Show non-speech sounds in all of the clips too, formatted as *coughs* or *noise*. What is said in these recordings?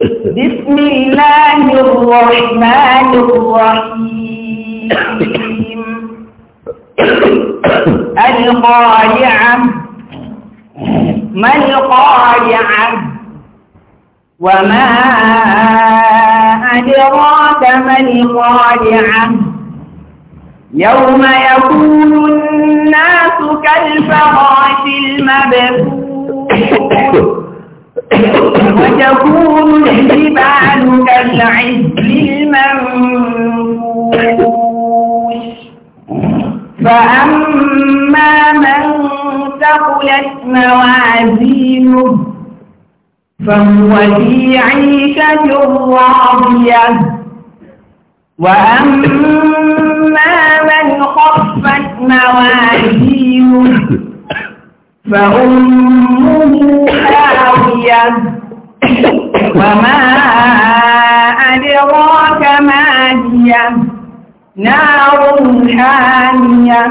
بسم الله الرحمن الرحيم القارعة ما القارعة وما أدراك ما القارعة يوم يكون الناس كالفراش المبثوث وتكون الجبال كالعجل المنفوش فأما من ثقلت موازينه فهو في عيشة راضية وأما من خفت موازينه فأمه هاوية وما أدراك ما هي نار حامية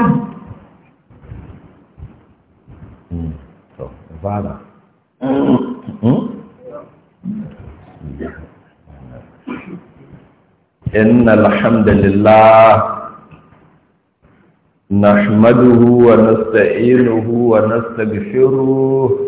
إن الحمد لله نحمده ونستعينه ونستغفره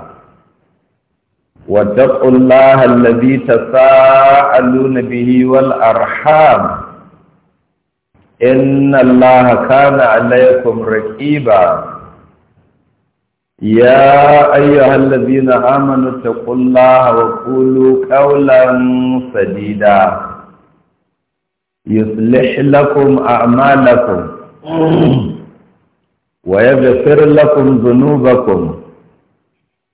واتقوا الله الذي تساءلون به والأرحام إن الله كان عليكم رقيبا يا أيها الذين آمنوا اتقوا الله وقولوا قولا سديدا يصلح لكم أعمالكم ويغفر لكم ذنوبكم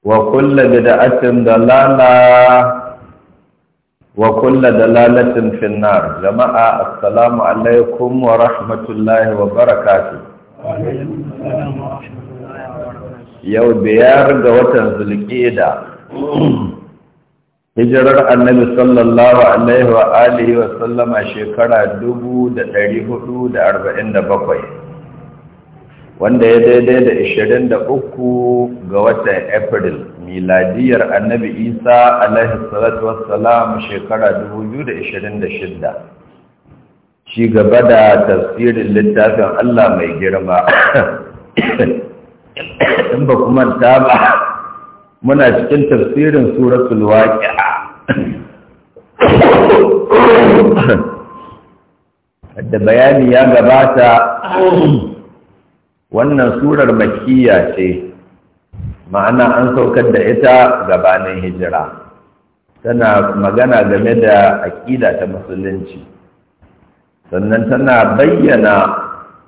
wa kulla bid'atin dalala wa kulla dalalatin finnar jama'a assalamu alaikum wa rahmatullahi wa Barakatu. yau biyar ga watan zulqida hijrar annabi sallallahu alaihi wa alihi wa sallama shekara dubu da da da hudu arba'in bakwai. wanda ya daidai da 23 ga watan april miladiyar annabi isa alaihi salatu wassalam shekara 2026 ci gaba da tafsirin littafin allah mai girma *coughs* in ba kuma ta ba muna cikin tafsirin suratul waqi'a *coughs* da bayani ya gabata *coughs* wannan surar makiyya ce ma'ana an saukar da ita gabanin hijira tana magana game da aƙida ta musulunci sannan tana bayyana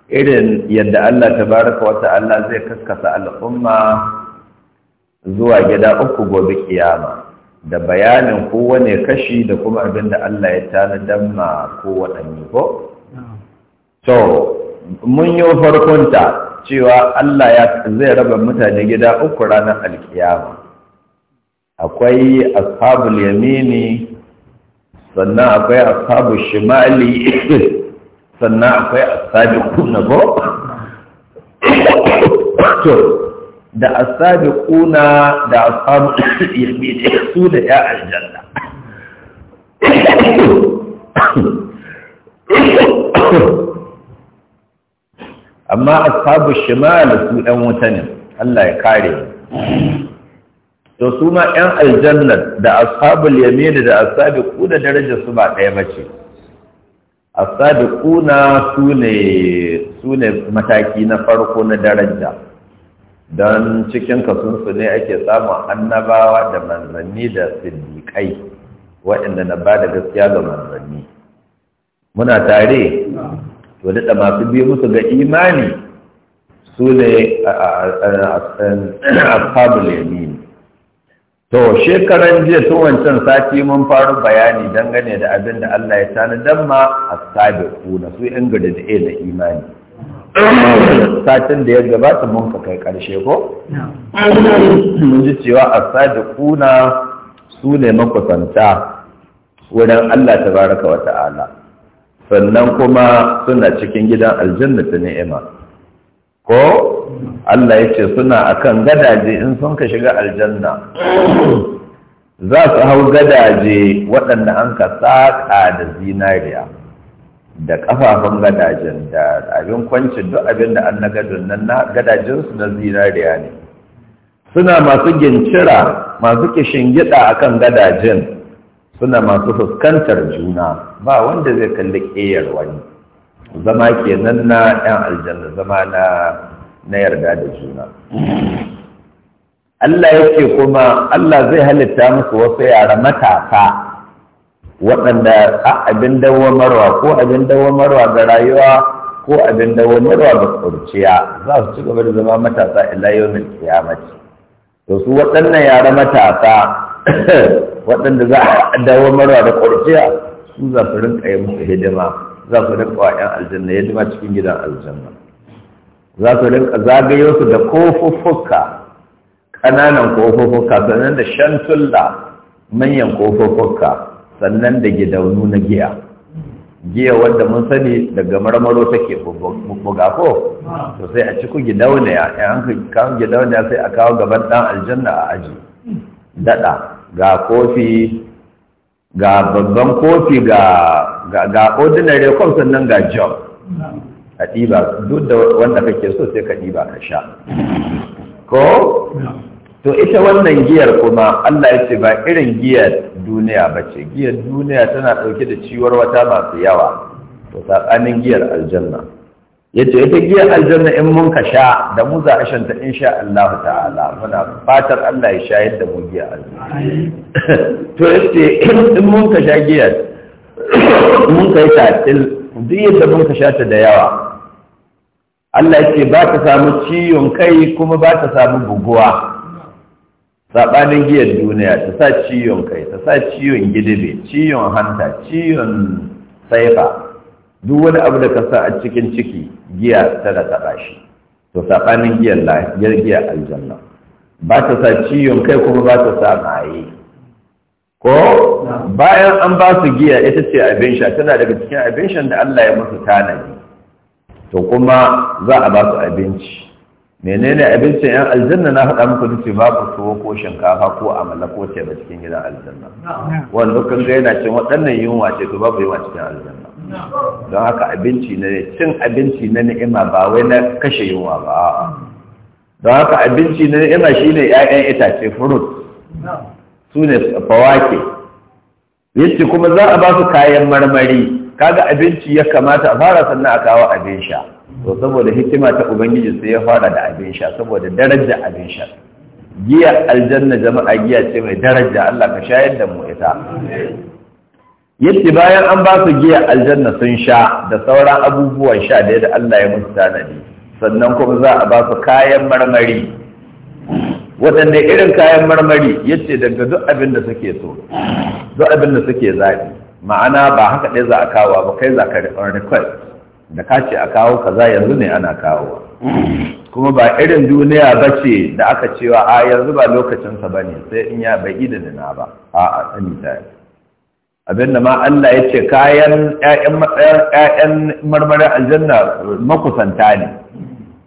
irin yadda Allah Ta baraka wata Allah zai kaskasa al'umma zuwa gida uku gobe kiyama da bayanin kowane kashi da kuma abin da Allah ya tana damma kowane ko? so mun yi farkonta cewa Allah ya zai raba mutane gida uku ranar alkiyama akwai ashabul yamini sannan akwai ashabul shimali *coughs* sannan akwai asabiquna ba *coughs* to da asabiquna da ashabul yamini *coughs* su da ya aljanna Oh amma ashabu shimal su ɗan wuta ne Allah ya kare to su ma ɗan aljanna da ashabu yamin da ashabu da daraja su ba ɗaya bace asabiquna su ne su ne mataki na farko na daraja don cikin kasunsu ne ake samun annabawa da manzanni da siddiƙai waɗanda na ba da gaskiya ga manzanni muna tare to daɗa masu biyu musu ga imani su ne a ashabul yamini to shekaran jiya tun wancan sati mun faru bayani dangane da abin da Allah ya tana dan ma a kuna su yan gada da na imani satin da ya gabata mun ka kai karshe ko mun ji cewa a kuna su ne makusanta wurin Allah ta wa ta'ala sannan kuma suna cikin gidan aljanna ta ni'ima ko Allah ya ce suna akan gadaje in sun ka shiga aljanna za su hau gadaje waɗanda an ka saƙa da zinariya da ƙafafun gadajen da abin kwanci duk abin da an na gadon nan na gadajensu na zinariya ne suna masu gincira masu kishin gida akan gadajen suna masu fuskantar juna ba wanda zai kalli ƙeyar wani zama kenan na 'yan aljanna zama na yarda da juna Allah yake kuma Allah zai halitta musu wasu yara matasa waɗanda a abin dawamarwa ko abin dawamarwa ga rayuwa ko abin dawamarwa ga ƙurciya. za su ci gaba da zama matasa ila yawmin kiyamaci to su waɗannan yara matasa waɗanda za a dawo marwa da ƙwarfiya su za su rinka yi musu hidima za su rinka wa 'yan aljanna hidima cikin gidan aljanna za su rinka zagayo su da kofuffuka ƙananan kofuffuka sannan da shantulla manyan kofuffuka sannan da gidaunu na giya giya wanda mun sani daga marmaro take buga ko to sai a ciku in an kan gidauniya sai a kawo gaban dan aljanna a aji dada ga kofi ga babban kofi ga ordinary cup sannan ga job ka ɗiba duk da wanda kake so sai ka ɗiba ka sha ko to ita wannan giyar kuma Allah ya ce ba irin giyar duniya ba ce giyar duniya tana ɗauke da ciwar wata masu yawa to tsakanin giyar aljanna ya ce ta giyar aljanna in mun ka sha da mu za a shanta in sha Allah ta'ala muna fatar Allah ya sha yadda mu giya aljanna *laughs* to ya ce in mun ka sha giyar *coughs* mun ka yi tatil duk yadda mun ka sha ta da yawa Allah ya ce ba ta samu ciwon kai kuma ba ta samu buguwa saɓanin giyar duniya ta sa ciwon kai ta sa ciwon gidibe ciwon hanta ciwon saifa duk wani abu da ka sa a cikin ciki giya tana taɓa shi to saɓanin giyan lafiyar giya aljanna ba ta sa ciwon kai kuma ba ta sa maye ko bayan an ba su giya ita ce abin sha tana daga cikin abin shan da Allah ya musu tanadi to kuma za a ba su abinci menene abincin yan aljanna na haɗa muku da ce babu tuwo ko shinkafa ko amala ko ce ba cikin gidan aljanna wanda kan ga yana cin waɗannan yunwa ce to babu yunwa cikin aljanna don haka abinci na cin abinci na ni'ima ba wai na kashe yunwa ba don haka abinci na ni'ima shi ne 'ya'yan itace fruit su ne fawake yace kuma za a ba su kayan marmari kaga abinci ya kamata a fara sannan a kawo abin sha to saboda hikima ta ubangiji sai ya fara da abin sha saboda daraja abin sha giya aljanna jama'a giya ce mai daraja Allah ka shayar da mu ita yace bayan an ba su giya aljanna sun sha da sauran abubuwan sha da da Allah ya musu tanadi sannan kuma za a ba su kayan marmari waɗanda irin kayan marmari yace daga duk abin da suke so duk abin da suke zaɓi ma'ana ba haka ɗaya za a kawo ba kai za ka request da ka ce a kawo ka za yanzu ne ana kawo kuma ba irin duniya ba ce da aka cewa a yanzu ba lokacinsa ba ne sai in ya bai da na ba a a tsani abinda ma Allah ya ce kayan ƴaƴan marmarin aljanna makusanta ne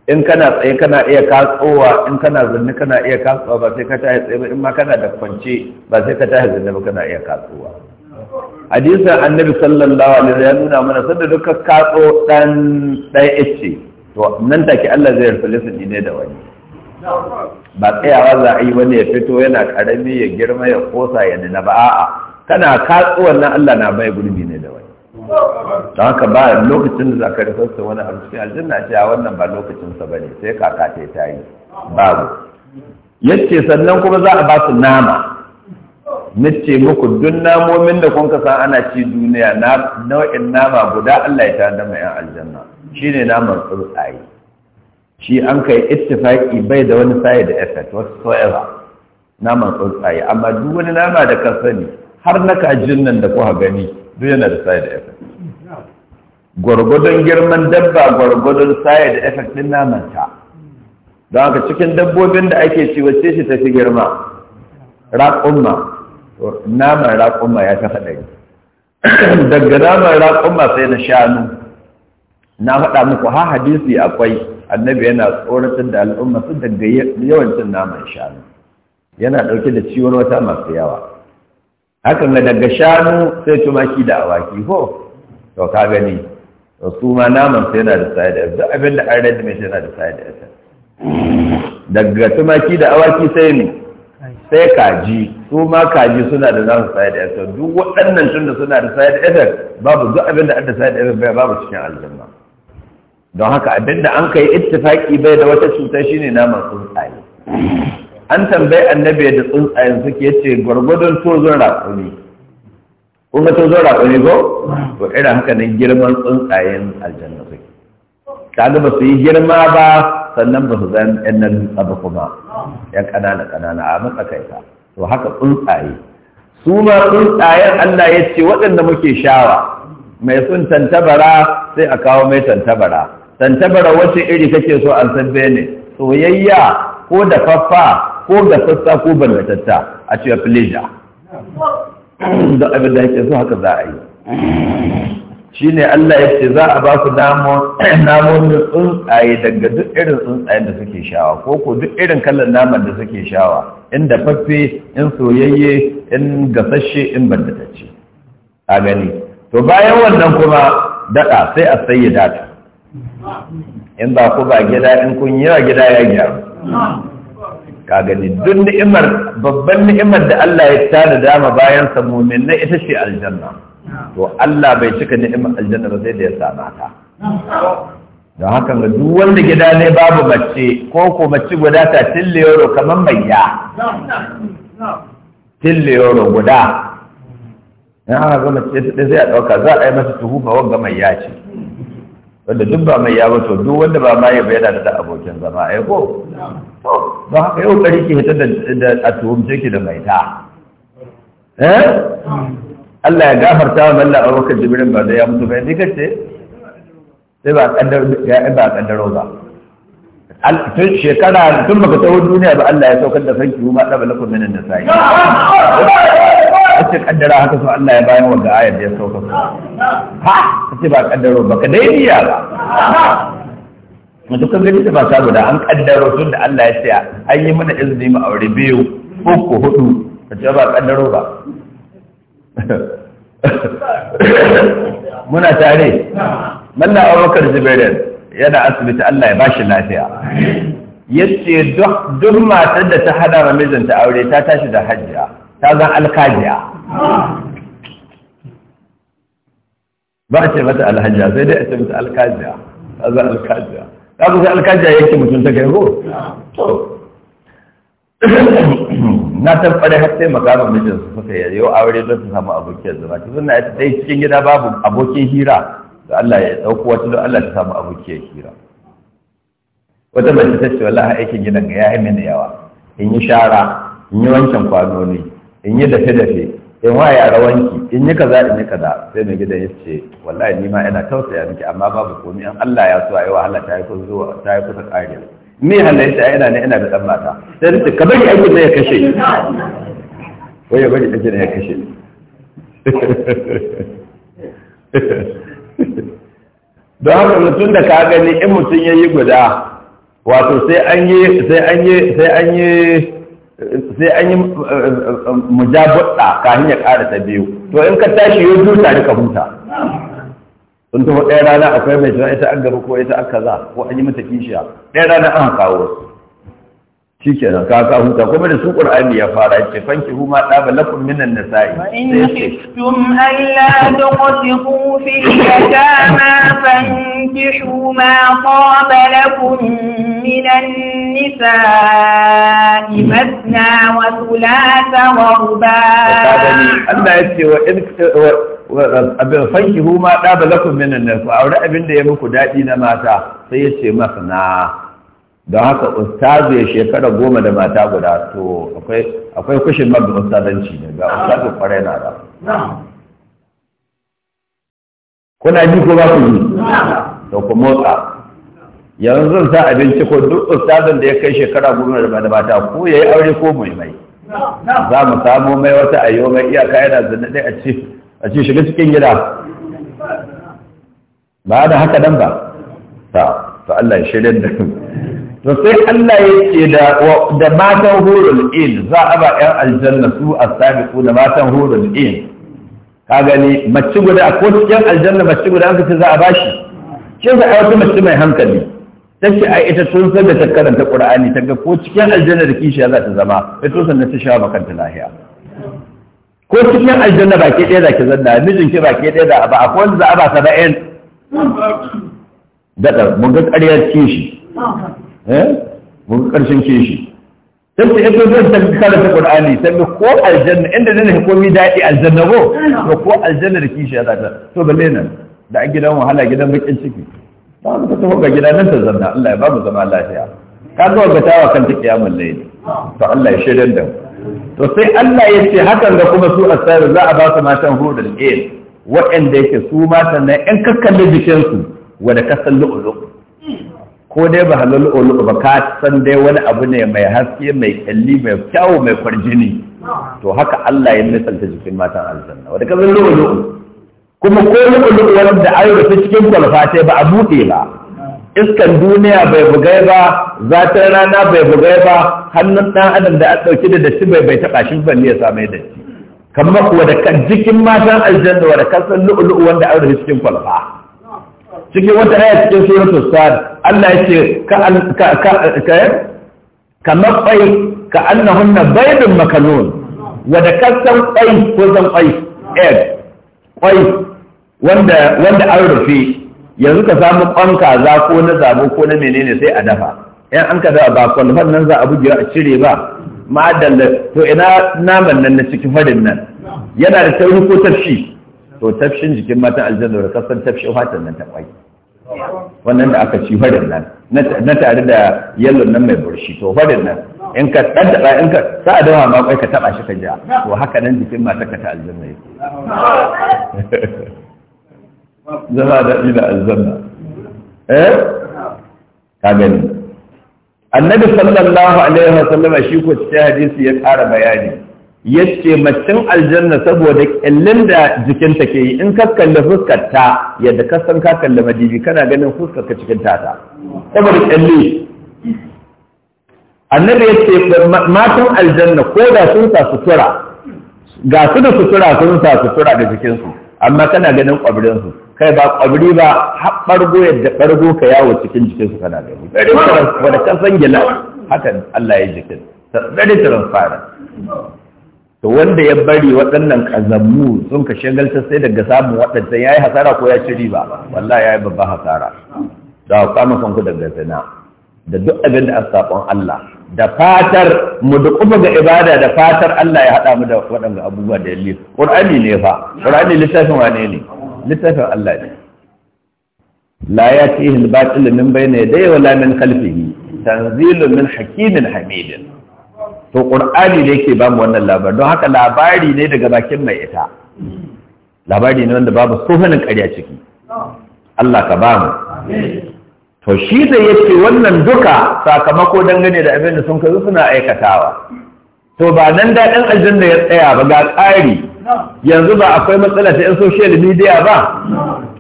in kana tsaye kana iya katsowa in kana zanne kana iya katsowa ba sai ka tashi tsaye ba in ma kana da kwance ba sai ka tashi zanne ba kana iya katsowa hadisin annabi sallallahu alaihi wasallam ya nuna mana sanda duka katso dan dai ice to nan take Allah zai rufe lissafi ne da wani ba tsayawa za a yi wani ya fito yana karami ya girma ya kosa ya nuna ba a'a kana katsu wannan Allah na bai gurbi ne da wani don haka ba lokacin da zakari sassa wani a cikin aljanna ce a wannan ba lokacinsa ba ne sai kaka ta ta yi babu yace sannan kuma za a ba su nama nace muku duk namomin da kun san ana ci duniya na nau'in nama guda Allah ya ta da mai yan aljanna shine naman tsuntsaye shi an kai ittifaki bai da wani sai da effect whatsoever naman tsuntsaye amma duk wani nama da ka sani har na kajin nan da kuka gani duk yana da side effect gwargwadon girman dabba gwargwadon side effect din namanta don haka cikin dabbobin da ake ci wacce shi tafi girma raƙumma naman raƙumma ya ta haɗari *clears throat* daga naman raƙumma sai na shanu na faɗa muku ha hadisi akwai annabi yana tsoratar da al'umma su daga yawancin naman shanu yana ɗauke da ciwon wata masu yawa hakan ga daga shanu sai tumaki da awaki ho to ka gani to su ma naman sai yana da side effect duk abin da an rage mai yana da side effect daga tumaki da awaki sai ne sai kaji su ma kaji suna da nasu side effect duk waɗannan tunda suna da side effect babu duk abin da an da side effect bai babu cikin aljanna don haka abin da an kai ittifaki bai da wata cuta shine naman tsuntsaye an tambayi annabi da tsuntsayen suke yace gwargwadon tozon raƙumi kun ga tozon raƙumi ko to irin haka nan girman tsuntsayen aljanna suke kaga ba su yi girma ba sannan ba su zan yan nan ba kuma yan ƙanana ƙanana a matsakaita to haka tsuntsaye su ma tsuntsayen Allah ya ce waɗanda muke shawa mai sun tantabara sai a kawo mai tantabara tantabara wacce iri kake so an san bene soyayya ko da faffa ko gasassa ko ballatatta a cewa pleasure don abin da yake so haka za a yi shi ne Allah ya ce za a ba su namomin tsuntsaye daga duk irin tsuntsayen da suke shawa ko ko duk irin kallon naman da suke shawa in dafaffe, in soyayye in gasashe in bandatacce a gani to bayan wannan kuma daɗa sai a sayi data in ba ku ba gida in kun yi wa gida ya gyaru ka gani duk ni'imar babban ni'imar da Allah ya tada dama bayan sa mu'min na ita ce aljanna to Allah bai cika ni'imar aljanna ba sai da ya sama ta don haka ga duk wanda gida ne babu mace ko ko mace guda ta tille yoro kamar ya. tille yoro guda in aka ga mace ta sai a dauka za a yi masa tuhuma wanga ya ce wanda duk ba mai ya to duk wanda ba ya ba yana da abokin zama ai eh ko ba haka yau kari ke hita da a tuhumce ki da mai ta eh Allah ya gafarta wa mallan abubakar jibrin ba da ya mutu bai ni ce sai ba kaddar ya ba kaddaro ba tun shekara tun baka tawo duniya ba Allah ya saukar da sanki kuma da balakun minan nasai ce kaddara haka so Allah ya bayan wa ga ayar da ya sauka ha ce ba kaddaro ba ka dai niyya ba mutum kan gani ta ba guda, an kaddaro tun da Allah ya ce an yi mana izini mu aure biyu uku hudu ce ba kaddaro ba *laughs* muna tare malla abubakar zubairu yana asibiti allah ya bashi lafiya Ya ce duk matar da ta hada mijinta aure ta tashi da hajjiya ta zan alkajiya ba a ce mata alhajiya sai dai a ce mata alkajiya ta zan alkajiya ta kusa alkajiya yake mutum ta kai ko na tabbare har sai makarar mijin su suka yi yau aure don su samu abokin zama ta suna ta dai cikin gida babu abokin hira da Allah ya dauko wata don Allah ta samu abokin hira wata mace ta ce wallahi aikin gidan ga yayi mini yawa in yi shara in yi wancan kwano ne in yi dafe dafe in waye a rawanki in yi kaza in yi kaza sai mai gidan ya ce wallahi ni ma ina tausaya miki amma babu komai in Allah ya so a yi wahala ta yi kusa zuwa ta yi kusa ƙariya ni halayyata ina ne ina da ɗan mata sai ta ce ka bari aikin da ya kashe wai ya bari aikin da ya kashe don haka mutum da ka gani in mutum ya yi guda wato sai an yi sai an yi sai an yi sai an yi eh, eh, mujabudda ka ya ƙara ta biyu to in ka tashi yau biyu tare ka huta sun taho ɗaya rana akwai mai shiga ita an gaba ko ita an kaza ko an yi mata kishiya ɗaya rana an kawo shikenan ka ka huta kuma da su qur'ani ya fara yace fanki huma daba lakum minan nasa'i wa in khiftum alla tuqsitu fil yatama fankihu ma qaba lakum minan nisa'i masna wa thulatha wa ruba'a Allah ya wa in abin fanki huma ɗaba lakun minan nan aure abin da ya muku daɗi na mata sai ya ce don haka ustazu ya shekara goma da mata guda to akwai kushin mabda ustazanci ne ga ustazu kwarai na da kuna ji ko ba ku yi to ku motsa yanzu sa abinci ko duk ustazan da ya kai shekara goma da mata ko ya yi aure ko mai mai za mu samo mai wata ayo mai iyaka yana dai a ce shiga cikin gida ba da haka dan ba ta Allah ya shirin da to sai Allah yake da da matan hurul in za a ba yan aljanna su asabiqu da matan hurul in ka gani mace guda ko cikin aljanna mace guda an ce za a bashi shi za a wata mace mai hankali tace ai ita tun san da ta karanta Qur'ani ta ga ko cikin aljanna da kishiya za ta zama ai tun san ta sha makanta lahiya ko cikin aljanna baki ɗaya da ki zanna mijin ki baki ɗaya da ba akwai wanda za a ba saba'in da mun ga ƙaryar kishi Eh? mun karshen keshi sai ku yanzu zai tafi karanta Qur'ani sai ko aljanna inda ne ko mi daɗi aljanna ko to ko aljanna da kishi ya zata to balle nan da a gidan wahala gidan bakin ciki ba mu ta tafi gida nan ta zanna Allah ya ba mu zama lafiya ka zo ga tawa kan ta kiyamul layli to Allah ya shaidan da to sai Allah ya ce hakan da kuma su asari za a ba su matan hudul ain waɗanda yake su matan nan in kakkalle jikinsu wanda kasan lu'ulu ko dai ba halal ulu ba ka san dai wani abu ne mai haske mai kalli mai kyawu, mai kwarjini to haka Allah ya misalta jikin matan aljanna wanda kazan lu'ulu kuma ko lu'ulu wanda an rufe cikin kwalfa sai ba a buɗe ba iskan duniya bai bugai ba Zatar rana bai bugai ba hannun ɗan adam da an ɗauki da datti bai bai taɓa shi balle ya same datti kamar kuwa da jikin matan aljanna wanda kasan lu'ulu wanda an rufe cikin kwalfa cikin wata aya cikin suratul sad Allah ya ce ka ka ka ka eh? mabai ka annahunna baydun makanun wa da kasan kwai ko san kwai egg kwai wanda wanda an rufe yanzu ka samu kwan za ko na zabo ko na menene sai a dafa yan an ka dafa ba kwan nan za a bugira a cire ba da, to ina naman nan na cikin farin nan yana da tauri ko tafshi to tafshin jikin matan aljanna da kasan tafshin fatan nan ta kwai wannan da aka ci farin nan na tare da yallon nan mai burshi to farin nan in ka dan da in ka sa dawa ma kai ka taba shi ka ja to haka nan jikin ma ta kata aljanna yake *laughs* zama da ila aljanna eh ka gani annabi sallallahu alaihi wasallam shi ko cikin hadisi ya ƙara bayani Yace ce macin aljanna saboda kyallin da jikinta ke yi in ka kalli fuskar ta yadda ka san ka kalli madibi kana ganin fuskar ka cikin ta saboda kyalli annabi yace matan aljanna ko da sun sa sutura ga su da sutura sun sa sutura da jikinsu amma kana ganin su kai ba kwabiri ba haɓargo yadda ɓargo ka yawo cikin jikin su kana gani wadda san gila hakan Allah ya jikin very transparent to wanda ya bari waɗannan kazammu sun ka shagalta sai daga samun waɗanda ya yi hasara ko ya ci riba wallahi ya yi babban hasara da kama kanku daga zina da duk abin da a saƙon Allah da fatar mu da kuma ga ibada da fatar Allah ya haɗa mu da waɗanda abubuwa da yalli ƙur'ani ne fa ƙur'ani littafin wane ne littafin Allah ne la yatihi al-batil min bayni yadayhi wa la min khalfihi tanzilun min hakimin hamidin to ƙur'ani ne ke ba mu wannan labari don haka labari ne daga bakin mai ita labari ne wanda babu tsohonin ƙarya ciki Allah ka ba mu to shi zai yake wannan duka sakamako dangane da abin da sun kai suna aikatawa to ba nan daɗin aljanna ya tsaya ba ga tsari yanzu ba akwai matsala ta yan social media ba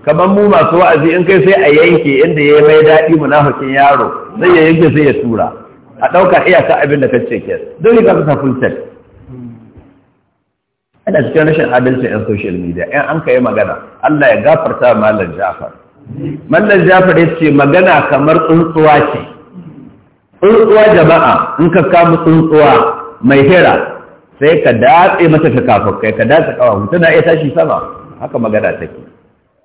kamar mu masu wa'azi in kai sai a yanke inda ya mai daɗi munafukin yaro sai ya yanke sai ya tura a ɗauka iyaka abin da kacce ke dole ka sa full set ana cikin rashin adalci yan social media yan an ka yi magana Allah ya gafarta mallan Jafar mallan Jafar ya ce magana kamar tsuntsuwa ce tsuntsuwa jama'a in ka kama tsuntsuwa mai hira sai ka datse mata ta kai ka datse kawahu tana iya tashi sama haka magana take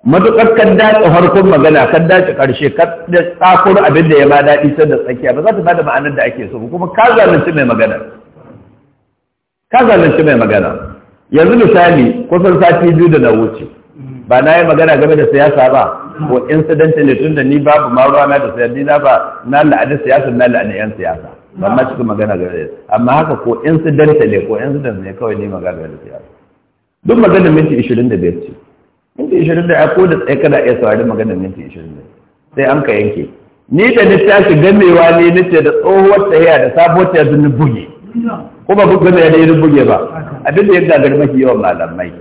matuƙar kan dace farkon magana kan dace ƙarshe kan tsakur abin da ya ba daɗi sai da tsakiya ba za ta bada ma'anar da ake so kuma ka zalunci mai magana ka zalunci mai magana yanzu misali kusan sati biyu da na wuce ba na yi magana game da siyasa ba ko incidentin ne tun da ni babu ma na da siyasa na ba na la'adin siyasa na la'adin yan siyasa ba ma cikin magana game da amma haka ko incidentin ne ko incident ne kawai ni magana game da siyasa duk magana minti ishirin da biyar ce minti ishirin da ko da tsaye kana iya saurari maganar minti ishirin da sai an ka yanke ni da ni tashi gamewa ne ce da tsohuwar tsayiya da sabuwar tahiya sun buge ko ba buga da yin buge ba abin da ya gagar mafi yawan malamai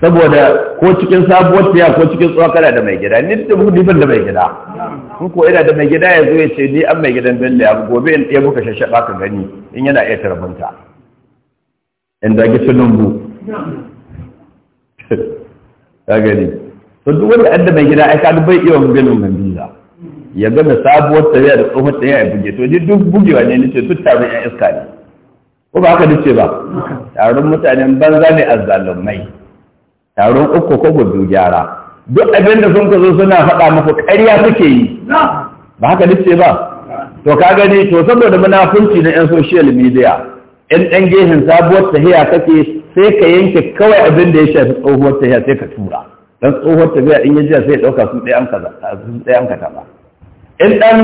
saboda ko cikin sabuwar tahiya ko cikin tsohuwar kana da mai gida ni da bugu ban da mai gida in ko ina da mai gida ya zo ya ce ni an mai gidan bello ya gobe in ɗaya muka shashaba ka gani in yana iya tarbunta in zagi sunan bu *laughs* ka gani to duk wanda adda mai gida ai kaga bai iya ganin biza. ya da sabuwar tafiya da tsohon tafiya ya buge to ji duk bugewa ne nace duk tare ya iska ne ko ba haka dace ba taron mutanen banza ne azzalumai taron uku ko gudu gyara duk abin da sun ka zo suna faɗa muku ƙarya suke yi ba haka dace ba to ka gani to saboda munafunci na 'yan social media in ɗan gehen sabuwar tahiya kake sai ka yanke kawai abin da ya shafi tsohuwar tafiya sai ka tura don tsohuwar tafiya in ya jiya sai ya ɗauka sun ɗaya an ka ba in ɗan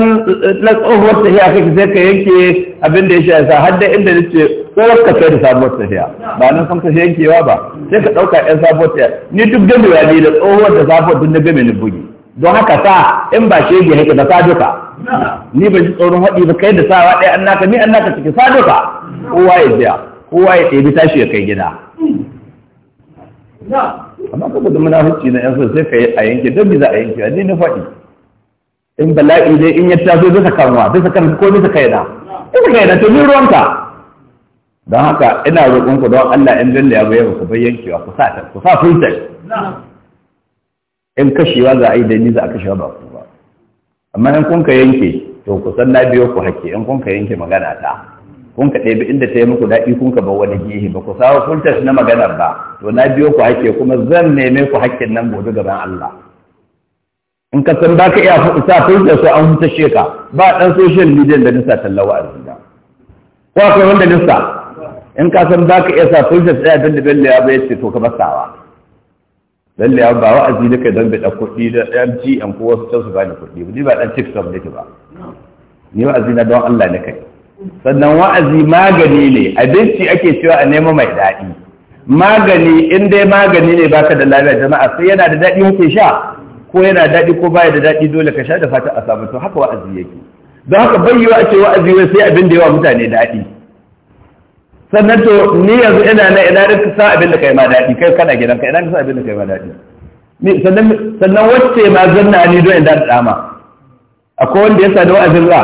na tsohuwar tafiya kai sai ka yanke abin da ya shafi sa har da inda ya ce tsohuwar ka sai da sabuwar tafiya ba nan san ka yankewa ba sai ka ɗauka ƴan sabuwar tafiya ni duk gamewa ne da tsohuwar da sabuwar duk na game ni bugi don haka sa in ba shege yake da sa duka ni ban ji tsoron haɗi ba kai da sawa ɗaya an naka ni an naka cikin sa duka kowa ya biya kowa ya ɗebi tashi ya kai gida amma ka da munafici na yansu sai ka yi a yanke don bi za a yanke ne na faɗi in bala'i dai in ya taso saka kanwa bisa kan ko yana kaina saka kaina to ni ruwanka don haka ina roƙon ku don Allah in dalla ya bayyana ku bayyankewa ku sa ku sa filter in kashewa za a yi da ni za a kashewa ba ku ba amma in kun ka yanke to ku san na biyo ku hakke in kun ka yanke magana ta kun ka ɗebi inda ta yi muku daɗi kun ka bar wani gehe ba ku sawo kuntas na maganar ba to na biyo ku hakke kuma zan neme ku hakkin nan gobe gaban Allah in ka san ba ka iya sa kuntas so an huta sheka ba ɗan social media da nisa tallawa a zuciya ko akwai wanda nisa in ka san ba ka iya sa kuntas ɗaya don da ya bai ce to ka basawa lalle ya ba wa'azi da kai don bai kuɗi da ɗan ko wasu can su bani kuɗi ba ni ba ɗan tiktok nake ba ni wa'azi na don Allah na kai sannan wa'azi magani ne abinci ake cewa a nema mai daɗi magani in dai magani ne baka da lafiya jama'a sai yana da daɗi kake sha ko yana daɗi ko baya da daɗi dole ka sha da fata a samu to haka wa'azi yake don haka bayyawa a ce wa'azi wai sai abin da yawa mutane daɗi sannan to ni yanzu ina na ina da sa abin da kai ma daɗi kai kana gidan ka ina da sa abin da kai ma daɗi sannan sannan wacce ma zanna ni don in da dama akwai wanda ya sa da wa'azin ra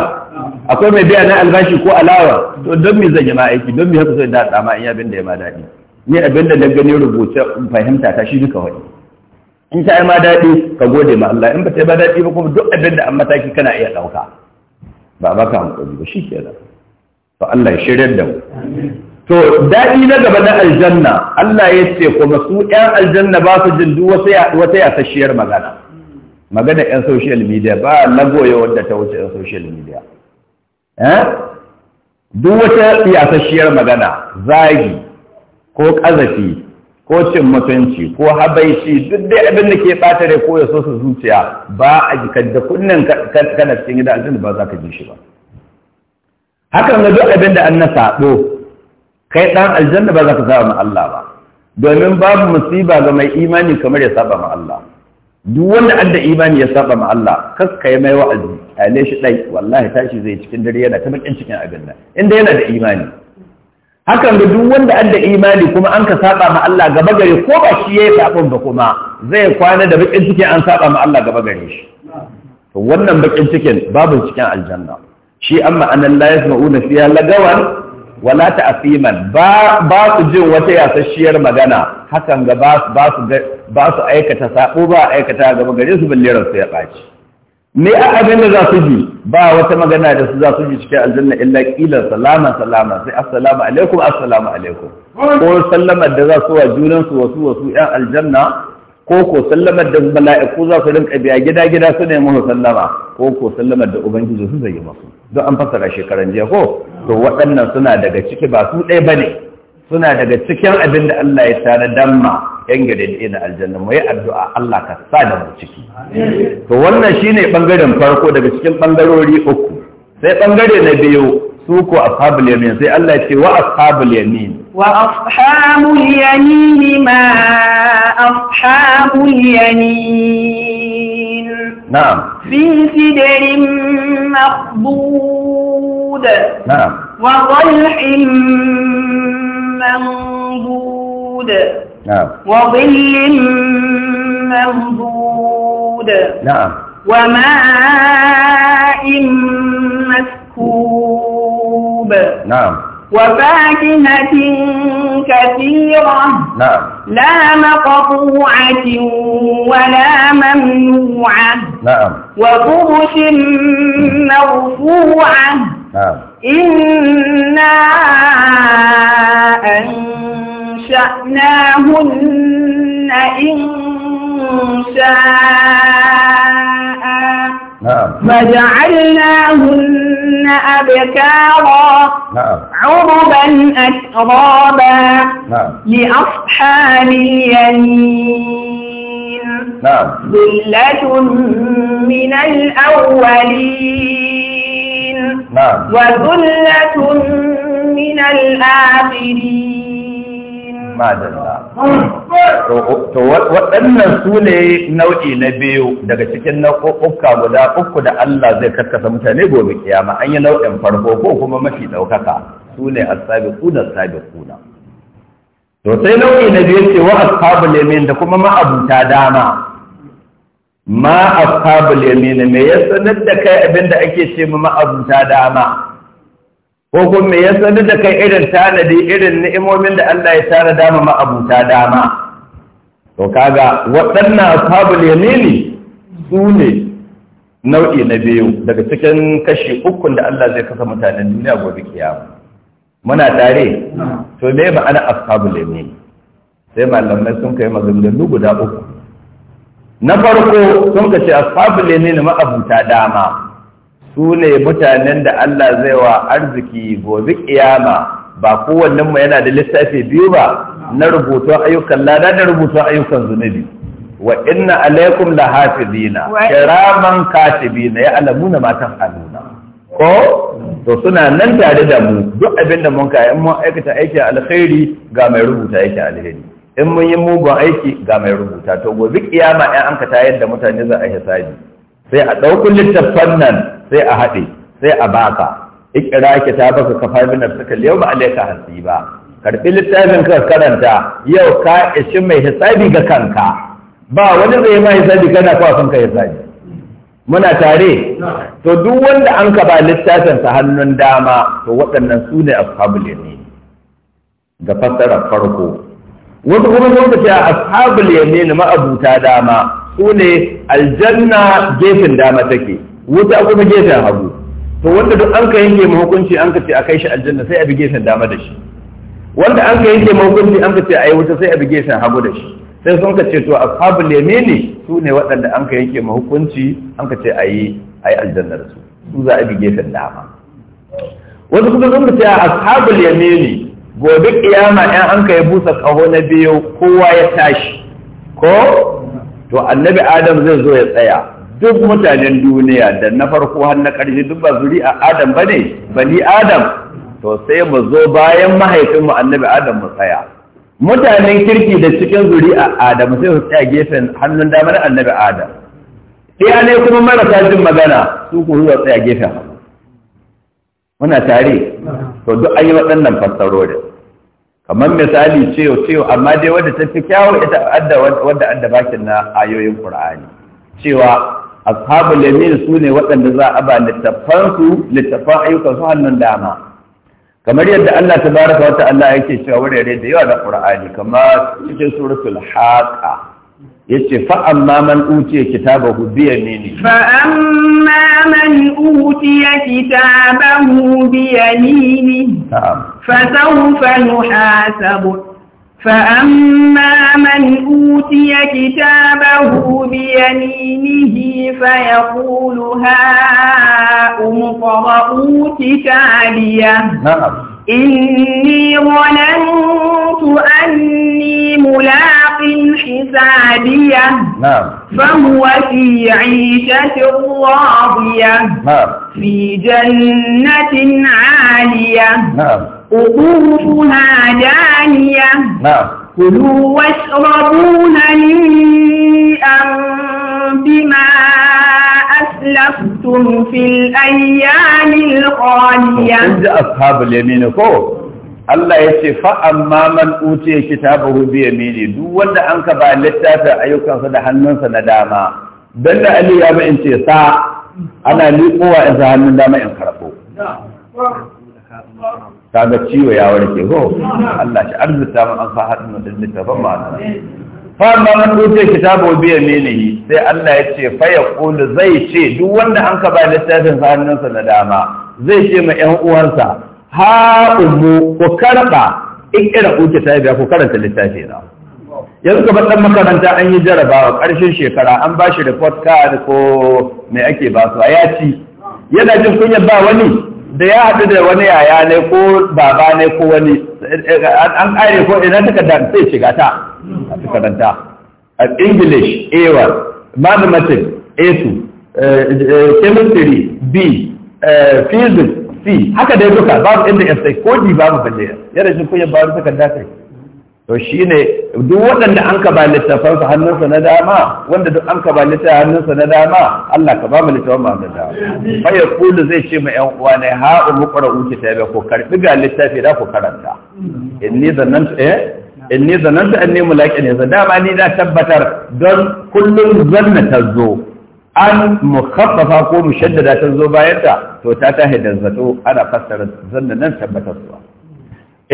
akwai mai biya na albashi ko alawa to don me zan yi ma aiki don me haka sai da tsama in abin da ya ma daɗi ni abin da dan gani rubuce fahimta ta shi duka wani in ta yi ma daɗi ka gode ma Allah in ba ta yi ma daɗi ba kuma duk abin da an mataki kana iya ɗauka ba ba ka hankali ba shi ke da to Allah ya shiryar da mu to daɗi na gaba na aljanna Allah ya ce kuma su ƴan aljanna ba su jin duk wata yasasshiyar magana magana ƴan social media ba lagoya wadda ta wuce ƴan social media Eh? duk wata siyasasshiyar magana zagi ko ƙazafi ko cin mutunci ko habaici duk dai abin da ke ɓata da ko ya su zuciya ba a ji da kunnen kana cikin gida aljanna ba za ka ji shi ba hakan ga duk abin da an na saɗo kai ɗan aljanna ba za ka saba ma Allah ba domin babu musiba ga mai imani kamar ya saba ma Allah duk wanda adda imani ya saba ma Allah kas kai mai wa'azi kyale shi dai wallahi tashi zai cikin dare yana ta bakin cikin abin nan inda yana da imani hakan ga duk wanda an da imani kuma an ka saba ma Allah gaba gare ko ba shi yayi sabon ba kuma zai kwana da bakin cikin an saba ma Allah gaba gare shi to wannan bakin cikin babu cikin aljanna shi amma anan la yasma'una fiha lagawan wala ta'fiman ba ba su jin wata yasasshiyar magana hakan ga ba su ba su aikata sabo ba aikata gaba gare su balle ransu ya baci me a abin da za su ji ba wata magana da su za su ji cikin aljanna illa kila salama salama sai assalamu alaikum assalamu alaikum ko sallamar da za su wa junan su wasu wasu yan aljanna ko ko sallamar da mala'iku za su rinka biya gida gida su ne musu sallama ko ko sallamar da ubangiji su zai yi musu don an fassara shekaran jiya ko to waɗannan suna daga ciki ba su ɗaya ba ne. suna daga cikin abin da Allah ya tare damma yan gare da aljanna mu yi addu'a Allah ka sa da mu ciki to wannan shi ne ɓangaren farko daga cikin ɓangarori uku sai ɓangare na biyu su ko a ashabul yamin sai Allah ce wa a ashabul yamin wa ashabul yamin ma ashabul yamin na'am fi sidrin mahdud na'am wa dhalhin ممدود نعم وظل ممدود نعم وماء مسكوب نعم وفاكهة كثيرة نعم لا مقطوعة ولا ممنوعة نعم وفرش مرفوعة نعم إنا أنشأناهن إنشاء نعم. فجعلناهن أبكارا نعم. عربا أترابا نعم. لأصحاب اليمين نعم. ذلة من الأولين وذلة من الآخرين to waɗannan su ne nau'i na biyu daga cikin nau'uka guda uku da Allah zai karkasa mutane gobe kiyama an yi nau'in farko ko kuma mafi ɗaukaka su ne as-sabiquna as-sabiquna to sai nau'i na biyu ce wa ashabul yamin da kuma ma'abuta dama ma ashabul yamin me ya sanar da kai abinda ake ce ma ma'abuta dama ko kuma me ya sanar da kai irin tanadi irin ni'imomin da Allah ya tara dama ma'abuta dama to kaga waɗannan ashabul yamin su ne nau'i na biyu daga cikin kashi uku da Allah zai kafa mutanen duniya gobe kiyama muna tare to me ma'ana ashabul yamin sai malamai sun kai maganganu guda uku na farko sun ka ce ashabul yamin ma'abuta dama su ne mutanen da Allah zai wa arziki gobe kiyama ba kowannen mu yana da lissafi biyu ba na rubutun ayyukan lada da rubutun ayyukan zunubi wa inna alaikum lahafizina kiraman katibina ya alamuna ma tafaluna ko to suna nan tare da mu duk abinda mun kai mun aikata aikin alkhairi ga mai rubuta aikin alheri in mun yi mugun aiki ga mai rubuta to gobe kiyama ɗan an ka tayar da mutane za a hisabi sai a ɗauki littattafan nan sai a haɗe sai a baka ikira ki ta baka ka fara suka yau ba alaika hasi ba karɓi littafin ka karanta yau ka ishi mai hisabi ga kanka ba wani zai ma hisabi kana kawai ka hisabi muna tare to duk wanda an ka ba littafin sa hannun dama to waɗannan su ne ashabul yamin ga fassarar farko wasu kuma sun ce ashabul yamin abuta dama su ne aljanna gefen dama take wuta kuma gefen hagu to wanda duk an ka yanke mu hukunci an ka ce a kai shi aljanna sai a bi gefen dama da shi wanda an ka yanke mu hukunci an ka ce a yi wuta sai a bi gefen hagu da shi sai sun ka ce to ashabul yamini su ne waɗanda an ka yanke mu hukunci an ka ce a yi a yi aljanna da su su za a bi gefen dama wasu kuma sun ce ashabul yamini gobe kiyama ɗan an kai busa ƙaho na biyu kowa ya tashi ko to annabi adam zai zo ya tsaya duk mutanen duniya da na farko har na ƙarshe duk ba zuri a adam ba ne bani adam to sai mu zo bayan mahaifinmu annabi adam mu tsaya mutanen kirki da cikin zuri a adam sai su tsaya gefen hannun damar annabi adam ɗaya ne kuma marasa jin magana su ku zuwa tsaya gefen muna tare to duk an yi waɗannan fassarorin kamar misali cewa cewa amma dai wadda ta fi kyawu ita adda wadda adda bakin na ayoyin qur'ani cewa ashabu yamin su ne waɗanda za a ba littafan su littafan ayyukan su hannun dama kamar yadda Allah tabaraka wa allah yake cewa wurare da yawa da qur'ani kamar cikin suratul haqa yace fa amma man utiya kitabahu bi yamini fa amma man utiya kitabahu bi yamini fa sawfa yuhasabu فأما من أوتي كتابه بيمينه فيقول هاؤم اقرءوا كتابيه إني ظننت أني ملاك حسابية نعم فهو في عيشة راضية نعم في جنة عالية نعم قطوفها دانية نعم كلوا واشربوا هنيئا بما أسلفتم في الأيام الخالية عند أصحاب اليمين فوق Allah ya ce fa amma man utiya kitabahu bi yamini duk wanda an ka ba littafin ayyukansa da hannunsa na dama dan da Ali ya ba in ce sa ana liƙowa in sa hannun dama in karɓo ga ciwo ya warke ko Allah shi arzuta mun an sa hannun da littafin ma'ana fa amma man utiya kitabahu bi yaminihi sai Allah ya ce fa yaqulu zai ce duk wanda an ka ba littafin sa hannunsa na dama zai ce ma ƴan uwansa ha ummu ko karba in kira uke ta biya ko karanta littafi na yanzu gaban dan makaranta an yi jarabawa karshen shekara an ba shi report card ko me ake ba su ya ci yana jin kunya ba wani da ya haɗu da wani yaya ne ko baba ne ko wani an ƙare ko ina da sai shiga ta a takaranta a english a1 mathematics a2 eh, eh, chemistry b eh, physics fi haka ya duka babu inda ya sai kodi babu balle ya rashin kuyan babu suka dace to shi ne duk waɗanda an ka ba littafan su hannunsa na dama wanda duk an ka ba littafan hannunsa na dama Allah ka ba mu littafan ba da dama fa kulu zai ce ma ƴan uwa ne ha umu qara'u kitaba ko karɓi ga littafi da ku karanta In ni inni zanantu eh inni zanantu anni ne-. yaza dama ni na tabbatar don kullum zanna zo. an mukhaffafa ko mushaddada ta zo bayanta, to ta ta da zato ana fassara zanna nan tabbatar su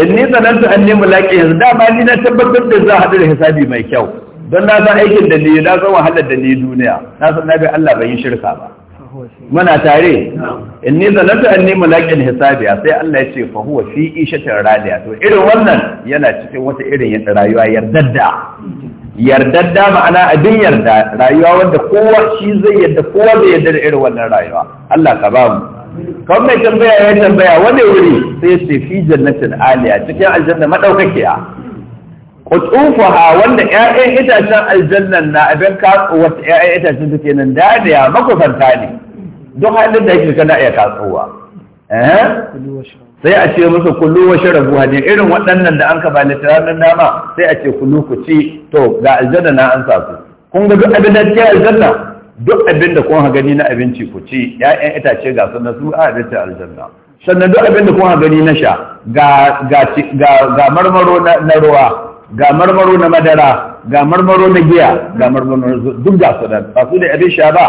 in ni su an nemi laƙi yanzu dama ni na tabbatar da za a haɗu da hisabi mai kyau don na san aikin da ni na san wahalar da ni duniya na san na bi Allah bai yi shirka ba muna tare in ni su an nemi laƙin hisabiya sai Allah ya ce fa huwa fi ishatin radiya to irin wannan yana cikin wata irin rayuwa da yardadda ma'ana abin yarda rayuwa wanda kowa shi zai yarda kowa zai yarda da irin wannan rayuwa Allah ka ba mu kawai mai tambaya ya tambaya wani wuri sai ce fi jannatin aliya cikin aljanna madaukakiya qutufuha wanda ƴaƴan itacen aljannan na abin ka wata ƴaƴan itacen take nan da ya makofanta ne duk halin da yake kana iya kasuwa. eh sai a ce musu kullu wa sharabu hadin irin waɗannan da an ka ba littafin dama sai a ce kullu ku ci to ga aljanna na an sa kun ga duk abin da ke aljanna duk abin da kun gani na abinci ku ci 'ya'yan itace ga sunan su a abinci aljanna sannan duk abin da kun gani na sha ga ga ga marmaro na ruwa ga marmaro na madara ga marmaro na giya ga marmaro duk da su da ba su da abin sha ba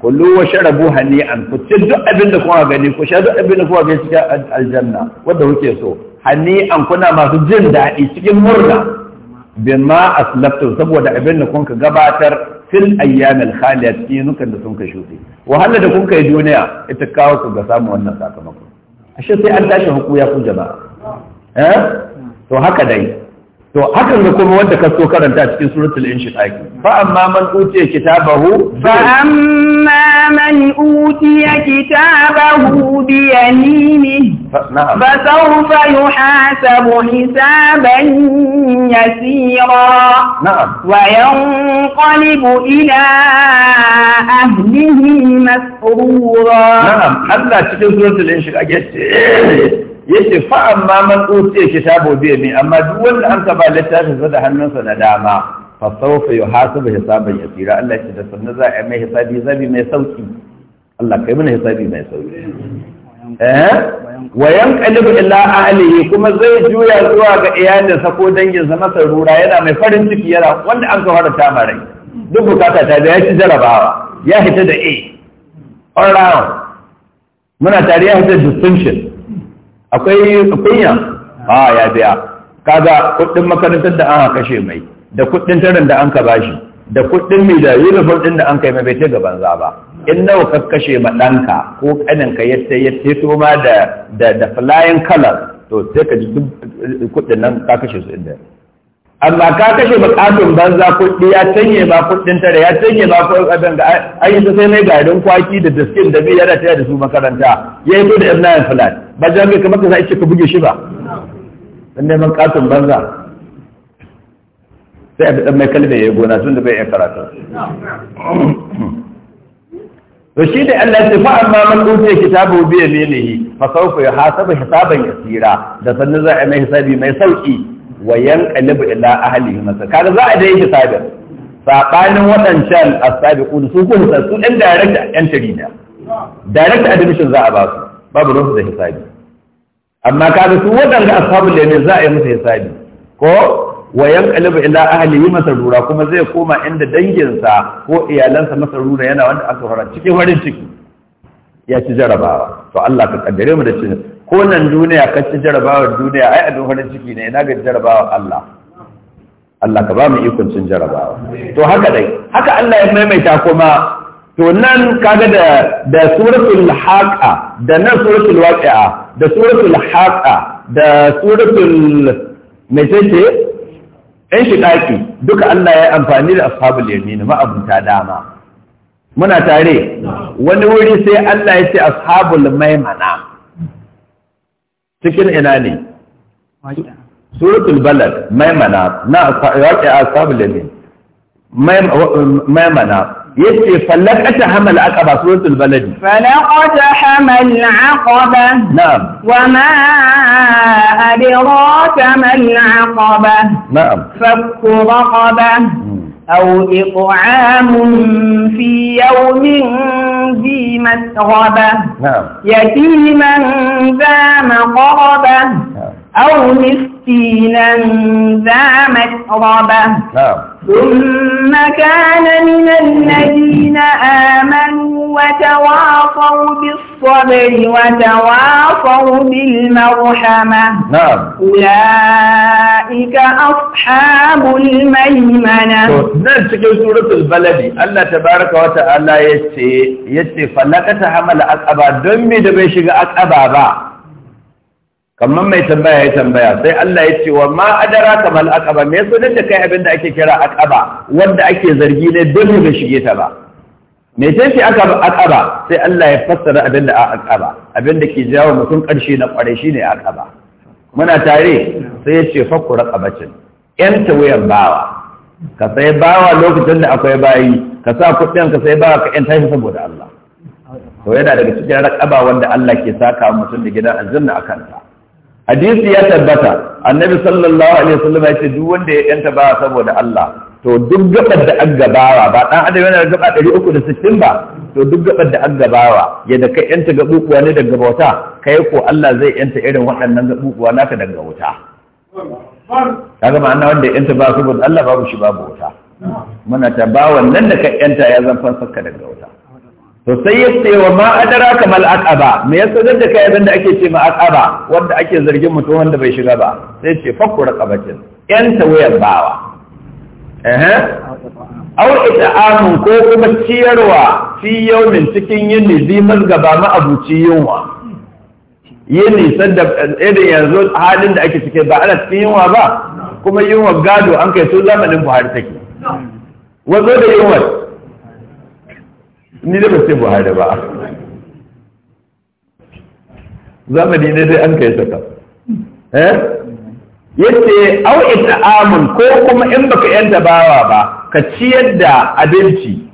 kullu wa sharabu hani'an ku ci duk abin da kuma gani ku sha duk abin da kuma gani cikin aljanna wanda kuke so hani'an kuna masu jin daɗi cikin murna bin ma aslaftum saboda abin da kun ka gabatar fil ayyamil khaliya cikin nukan da sun ka shuɗe wahala da kun kai duniya ita kawo ku ga samun wannan sakamako ashe sai an tashi hukuya ku jama'a eh to haka dai to hakan ga kuma wanda ka so karanta cikin suratul inshiqaq fa amma man utiya kitabahu fa amma man utiya kitabahu bi yaminihi fa sawfa yuhasabu hisaban yasira wa yanqalibu ila ahlihi masrura na'am Allah cikin suratul inshiqaq yace yace fa amma man utiya kitabu bi yamin amma duk wanda an ka ba littafin da hannunsa na dama fa sawfa yuhasabu hisaban yasira Allah ya da sanna za a mai hisabi zabi mai sauki Allah kai mana hisabi mai sauki eh wa yanqalibu ila ahlihi kuma zai juya zuwa ga iyalinsa ko danginsa masa rura yana mai farin ciki yana wanda an ka fara ta mare duk bukata ta da ya ci jarabawa ya hita da A all round muna tare ya hita distinction akwai kunya a ya biya kaga kuɗin makarantar da aka kashe mai da kuɗin tarin da an ka bashi da kuɗin mai da uniform ɗin da an kai mai bai ta banza ba in nawa ka kashe ma ɗanka ko ƙaninka ya ya ma da da flying color to sai ka ji kuɗin nan ka kashe su inda amma ka kashe bukatun banza kuɗi ya canye ba kuɗin tare ya canye ba kuɗin abin da an yi sai mai garin kwaki da diskin da bai yana tare da su makaranta ya yi da ibn ayin fulan ba jami'a kamar ka ce ka buge shi ba dan neman bukatun banza sai a dan mai kalbe ya gona tun da bai iya karatu to shi da Allah ya fa amma man utiya kitabu bi yaminihi fa sawfa yuhasabu hisaban yasira da sannan za a mai hisabi mai sauki wa yanqalibu ila ahlihi masa kaga za a dai shi sabir sabanin wadancan su kuma su ɗan direct ɗan tarida direct admission za a ba su babu ruhu da hisabi amma kaga su wadanda ashabul ne za a yi musu hisabi ko wa yanqalibu ila ahlihi masarura kuma zai koma inda danginsa ko iyalansa masarura yana wanda aka fara cikin farin ciki ya ci jarabawa to Allah ka kaddare mu da cin ko nan duniya ka ci jarabawar duniya ai abin farin ciki ne ina ga jarabawar Allah Allah ka ba mu ikon cin jarabawa to haka dai haka Allah ya maimaita kuma to nan kaga da da suratul haqa da nan suratul waqi'a da suratul haqa da suratul in shi daki duka Allah ya amfani da ashabul yamin abunta dama muna tare wani wuri sai Allah ya ce ashabul maimana cikin ina ne suratul balad maimana na waƙi a sabulani maimana yace falaqata hamal aqaba suratul balad falaqata hamal aqaba na'am wama adraka mal aqaba na'am fakku raqaba aw it'amun fi yawmin مسغبة يتيما نعم. ذا مقربة نعم. أو مسكينا ذا متربة نعم. ثم كان من الذين آمنوا وتواصوا بالصبر وتواصوا بالمرحمة نعم أولئك أصحاب الميمنة نلتقي نعم، سورة البلد الله تبارك وتعالى يتي يتي فلقت حمل أكأبا دمي دمشق أكأبا با كما ما يتنبيا يتنبيا سي الله يتي وما أدراك ما الأكأبا ميسو نلتقي عبن دا أكي كرا أكأبا وان أكي زرقيني دمي دمشقيتا با mecece aka akaba sai Allah ya fassara abin da akaba abin da ke jawo mutum ƙarshe na ƙware shi ne akaba muna tare sai ya ce fakku raƙabacin ƴan tawayan bawa ka sai bawa lokacin da akwai bayi ka sa kuɗin ka sai bawa ka ƴan tashi saboda Allah to yana daga cikin raƙaba wanda Allah ke saka mutum da gidan aljanna a kanta hadisi ya tabbata annabi sallallahu alaihi wasallam ya ce duk wanda ya ƴanta bawa saboda Allah to duk gabar da an gabawa ba dan adam yana da gaba 360 ba to duk gabar da an gabawa ya da kai yanta gabubuwa ne daga bauta kai ko Allah zai yanta irin waɗannan gabubuwa naka daga wuta kaga ma'ana wanda yanta ba su Allah babu shi babu wuta muna ta ba wannan da ka yanta ya zan fansarka daga wuta to sai ya ce wa ma adara kamal aqaba me ya sadar da kai abin da ake ce ma aqaba wanda ake zargin mutum wanda bai shiga ba sai ce fakkura raqabatin yanta wayar bawa Au ita'amun ko kuma ciyarwa fi yaumin cikin yin nizimar gaba ma'abuci yunwa. Yin nisan da irin yanzu halin da ake cike ba ana cikin yunwa ba, kuma yunwa gado an kai sun zamanin Buhari take. Wazo da yunwa ni da ba sai Buhari ba. Zamani ne dai an kai saka. Eh? yace au it'amun ko kuma in baka yanta bawa ba ka ciyar da abinci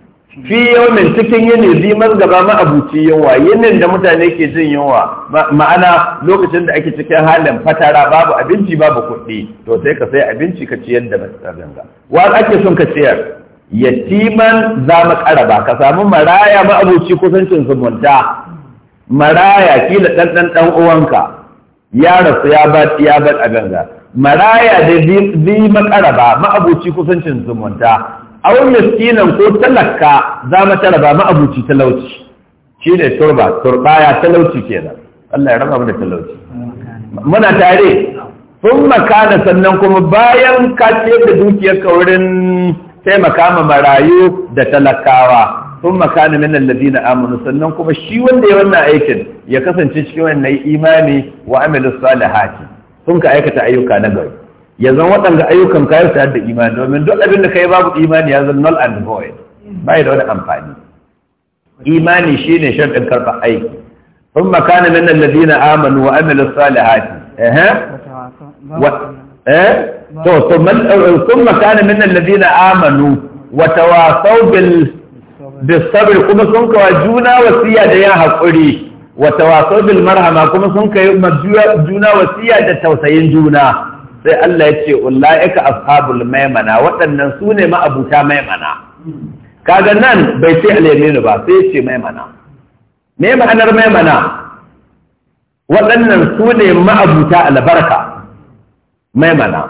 fi yawmin cikin yini zi gaba ma abuci yawa yinin da mutane ke jin yawa ma'ana lokacin da ake cikin halin fatara babu abinci babu kuɗi to sai ka sai abinci ka ciyar da ganga wa ake son ka ciyar yatiman za mu karaba ka samu maraya ma abuci kusancin zumunta maraya kila dan ɗan uwanka ya rasu ya ba ya bar maraya da zi makaraba ma'abuci kusancin zumunta awon miskinan ko talaka za mataraba ma'abuci talauci shi ne turba turbaya talauci da Allah ya rama da talauci muna tare sun makana sannan kuma bayan ka da dukiyar ka wurin taimaka ma marayu da talakawa sun makana minan ladina amanu sannan kuma shi wanda ya wannan aikin ya kasance cikin wannan imani wa amilu salihati sun ka aikata ayyuka na gari yanzu waɗanda ayyukan ka yi tare da imani domin duk abin da yi babu imani ya zan null and void bai da wani amfani imani shi shine sharɗin karɓar aiki sun makana min alladhina amanu wa amilu salihati eh eh to sun makana min alladhina amanu wa tawasaw bil bisabr kuma sun kawa juna wasiya da yin haƙuri wa tawasau bil marhama kuma sun kai juna wasiya da tausayin juna sai Allah ya ce ulaika ashabul maimana waɗannan su ne ma'abuta maimana kaga nan bai ce al-yaminu ba sai ce maimana me ma'anar maimana waɗannan su ne ma'abuta albarka maimana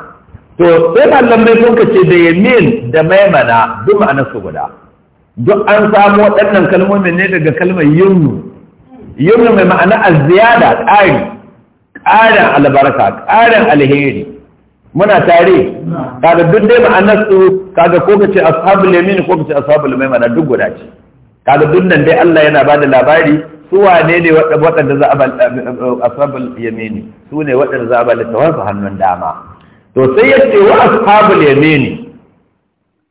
to sai mai kuka ce da yamin da maimana duk ma'anar su guda duk an samu waɗannan kalmomin ne daga kalmar yunnu yumna mai ma'ana alziyada, ziyada ƙari ƙarin albarka ƙarin alheri muna tare kaga duk dai ma'anar su kaga ko kace ashabul yamin ko kace ashabul maimana duk guda ce kaga duk nan dai Allah yana ba da labari su wane ne waɗanda za a ba ashabul yamin su ne waɗanda za a ba littafin hannun dama to sai ya wa ashabul yamin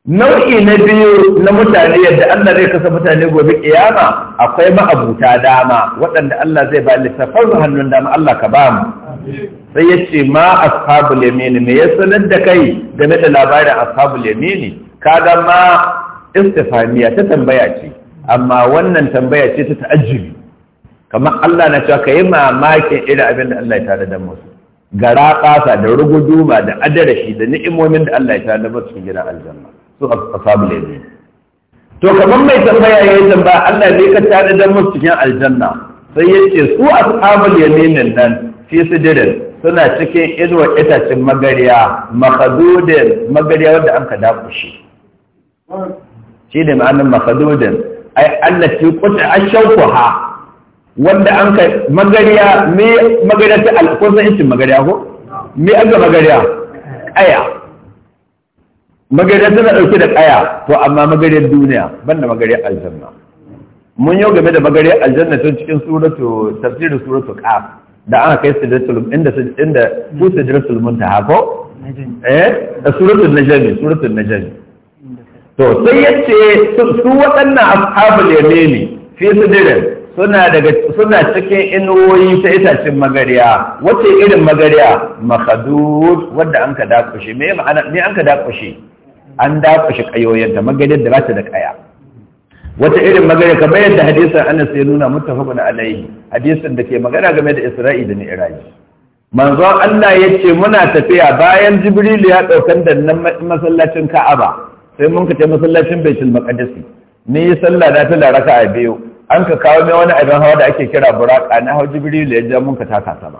nau'i na biyu na mutane yadda Allah zai kasa mutane gobe kiyama akwai ma'abuta dama waɗanda Allah zai ba littafin hannun dama Allah ka ba mu sai ya ce ma ashabul yamini me ya sanar da kai game da labarin ashabul yamini kaga ma istifamiya ta tambaya ce amma wannan tambaya ce ta ta'ajjubi kamar Allah na cewa kai mamakin irin abin da Allah ya tare da musu gara da ruguduma da adarashi da ni'imomin da Allah ya tare da musu cikin gidan aljanna su ashabul yamin to kamar mai tambaya yi tambaya Allah ne ka tare da musu cikin aljanna sai ya ce su ashabul yamin nan fi sidrin suna cikin inuwar itacen magariya makadudin magariya wanda an ka dakushe shi ne ma'anin makadudin ai Allah allati quta ashawha wanda an ka magariya me magariya ta ita magariya ko me aka magariya aya magariyar tana ɗauke da ƙaya to amma magariyar duniya ban da magariyar aljanna mun yau game da magariyar aljanna tun cikin suratu tafsirin suratu qaf da aka kai sidratul inda inda su sidratul muntaha ko eh suratul najm suratul najm to sai yace su waɗannan ashabul yamini fi sidrin suna daga suna cikin inuwoyi ta itacin magariya wace irin magariya makadud wanda an ka dakushe me ma'ana me an ka dakushe an dafa shi kayoyar da magadar da bata da kaya wata irin magana kamar yadda hadisin Anas ya nuna na alaihi Hadisan da ke magana game da Isra'ila da Mi'raj manzon Allah ya ce muna tafiya bayan jibrilu ya ɗaukan da nan masallacin Ka'aba sai mun kace masallacin Baitul Maqdis ni sallah na ta laraka a biyu an ka kawo mai wani abin hawa da ake kira buraka na hau Jibril ya ja mun ka taka sama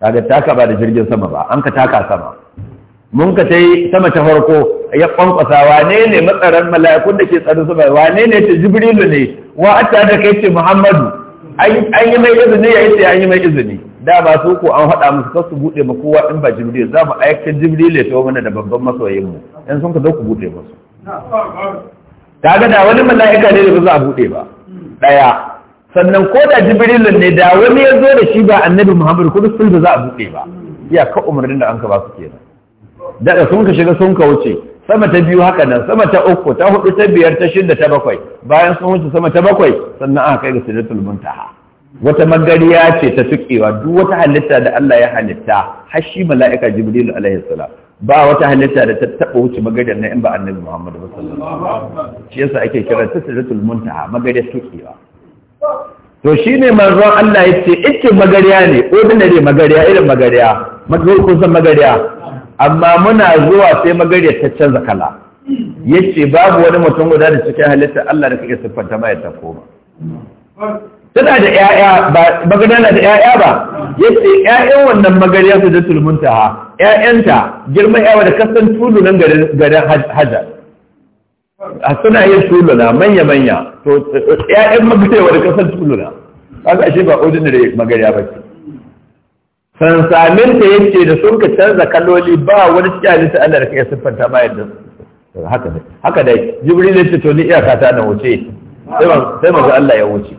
kaga taka ba da jirgin sama ba an ka taka sama mun ka ta yi sama ta farko ya kwankwasa wane ne matsaran mala'ikun da ke tsaro sama Wa wane ne ta jibrilu ne wa ta da kai ce muhammadu an yi mai izini ya yi an yi mai izini da ba su ko an haɗa musu kan su buɗe ma kowa in ba jibrilu za mu aika jibrilu ya tawo mana da babban masoyin mu in sun ka zo ku buɗe musu ga da wani mala'ika ne da ba za a buɗe ba ɗaya sannan ko da jibrilu ne da wani ya zo da shi ba annabi muhammadu kuma sun da za a buɗe ba iya ka umarnin da an ka ba su kenan daga sun ka shiga sun ka wuce sama ta biyu haka nan sama ta uku ta hudu ta biyar ta shida ta bakwai bayan sun wuce sama ta bakwai sannan aka kai ga sidratul muntaha wata magariya ce ta tukewa duk wata halitta da Allah ya halitta har shi mala'ika jibril alaihi salam ba wata halitta da ta taba wuce magariyar na in ba annabi Muhammad sallallahu alaihi wasallam shi yasa ake kira ta sidratul muntaha magariyar tukewa to shine manzon Allah yace ita magariya ne ordinary magariya irin magariya magariya kun san magariya amma muna zuwa sai magariya ta canza kala yace babu wani mutum guda da cikin halitta Allah da kake siffanta mai ta koma tana da ƴaƴa ba magana na da ƴaƴa ba yace ƴaƴan wannan magariya su da tulmuntaha ƴaƴanta girman ƴaƴa da kasan tulu nan garin garin hajar a suna yin tuluna manya manya to ƴaƴan magariya da kasan tuluna kaga shi ba ordinary magariya ba ce samin da yake da sun ka canza kaloli ba wani cikin ta Allah da kai siffanta ba yadda haka ne haka dai jibril yace to ni iyaka ta na wuce sai ban sai manzo Allah ya wuce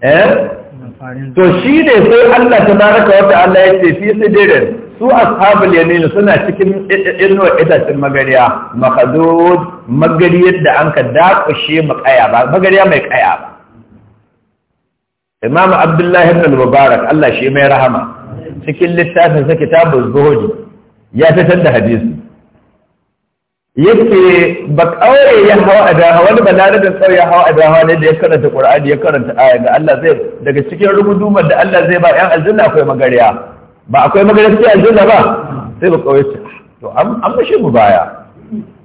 eh to shi ne sai Allah baraka wa ta'ala yace fi sidirin su ashabul yamin suna cikin inno itacin magariya makadud magariyar da an ka dakushe makaya ba magariya mai kaya ba imam abdullahi ibn al-mubarak Allah shi mai rahama cikin littafin sa kitabuz zuhud ya fitar da hadisi yake ba kauye ya hawa a Wani wani balarabin kauye ya hawa a ne da ya karanta qur'ani ya karanta aya ga Allah zai daga cikin rugudumar da Allah zai ba yan aljanna akwai magariya ba akwai magariya sai aljanna ba sai ba kauye ah, to an an mu baya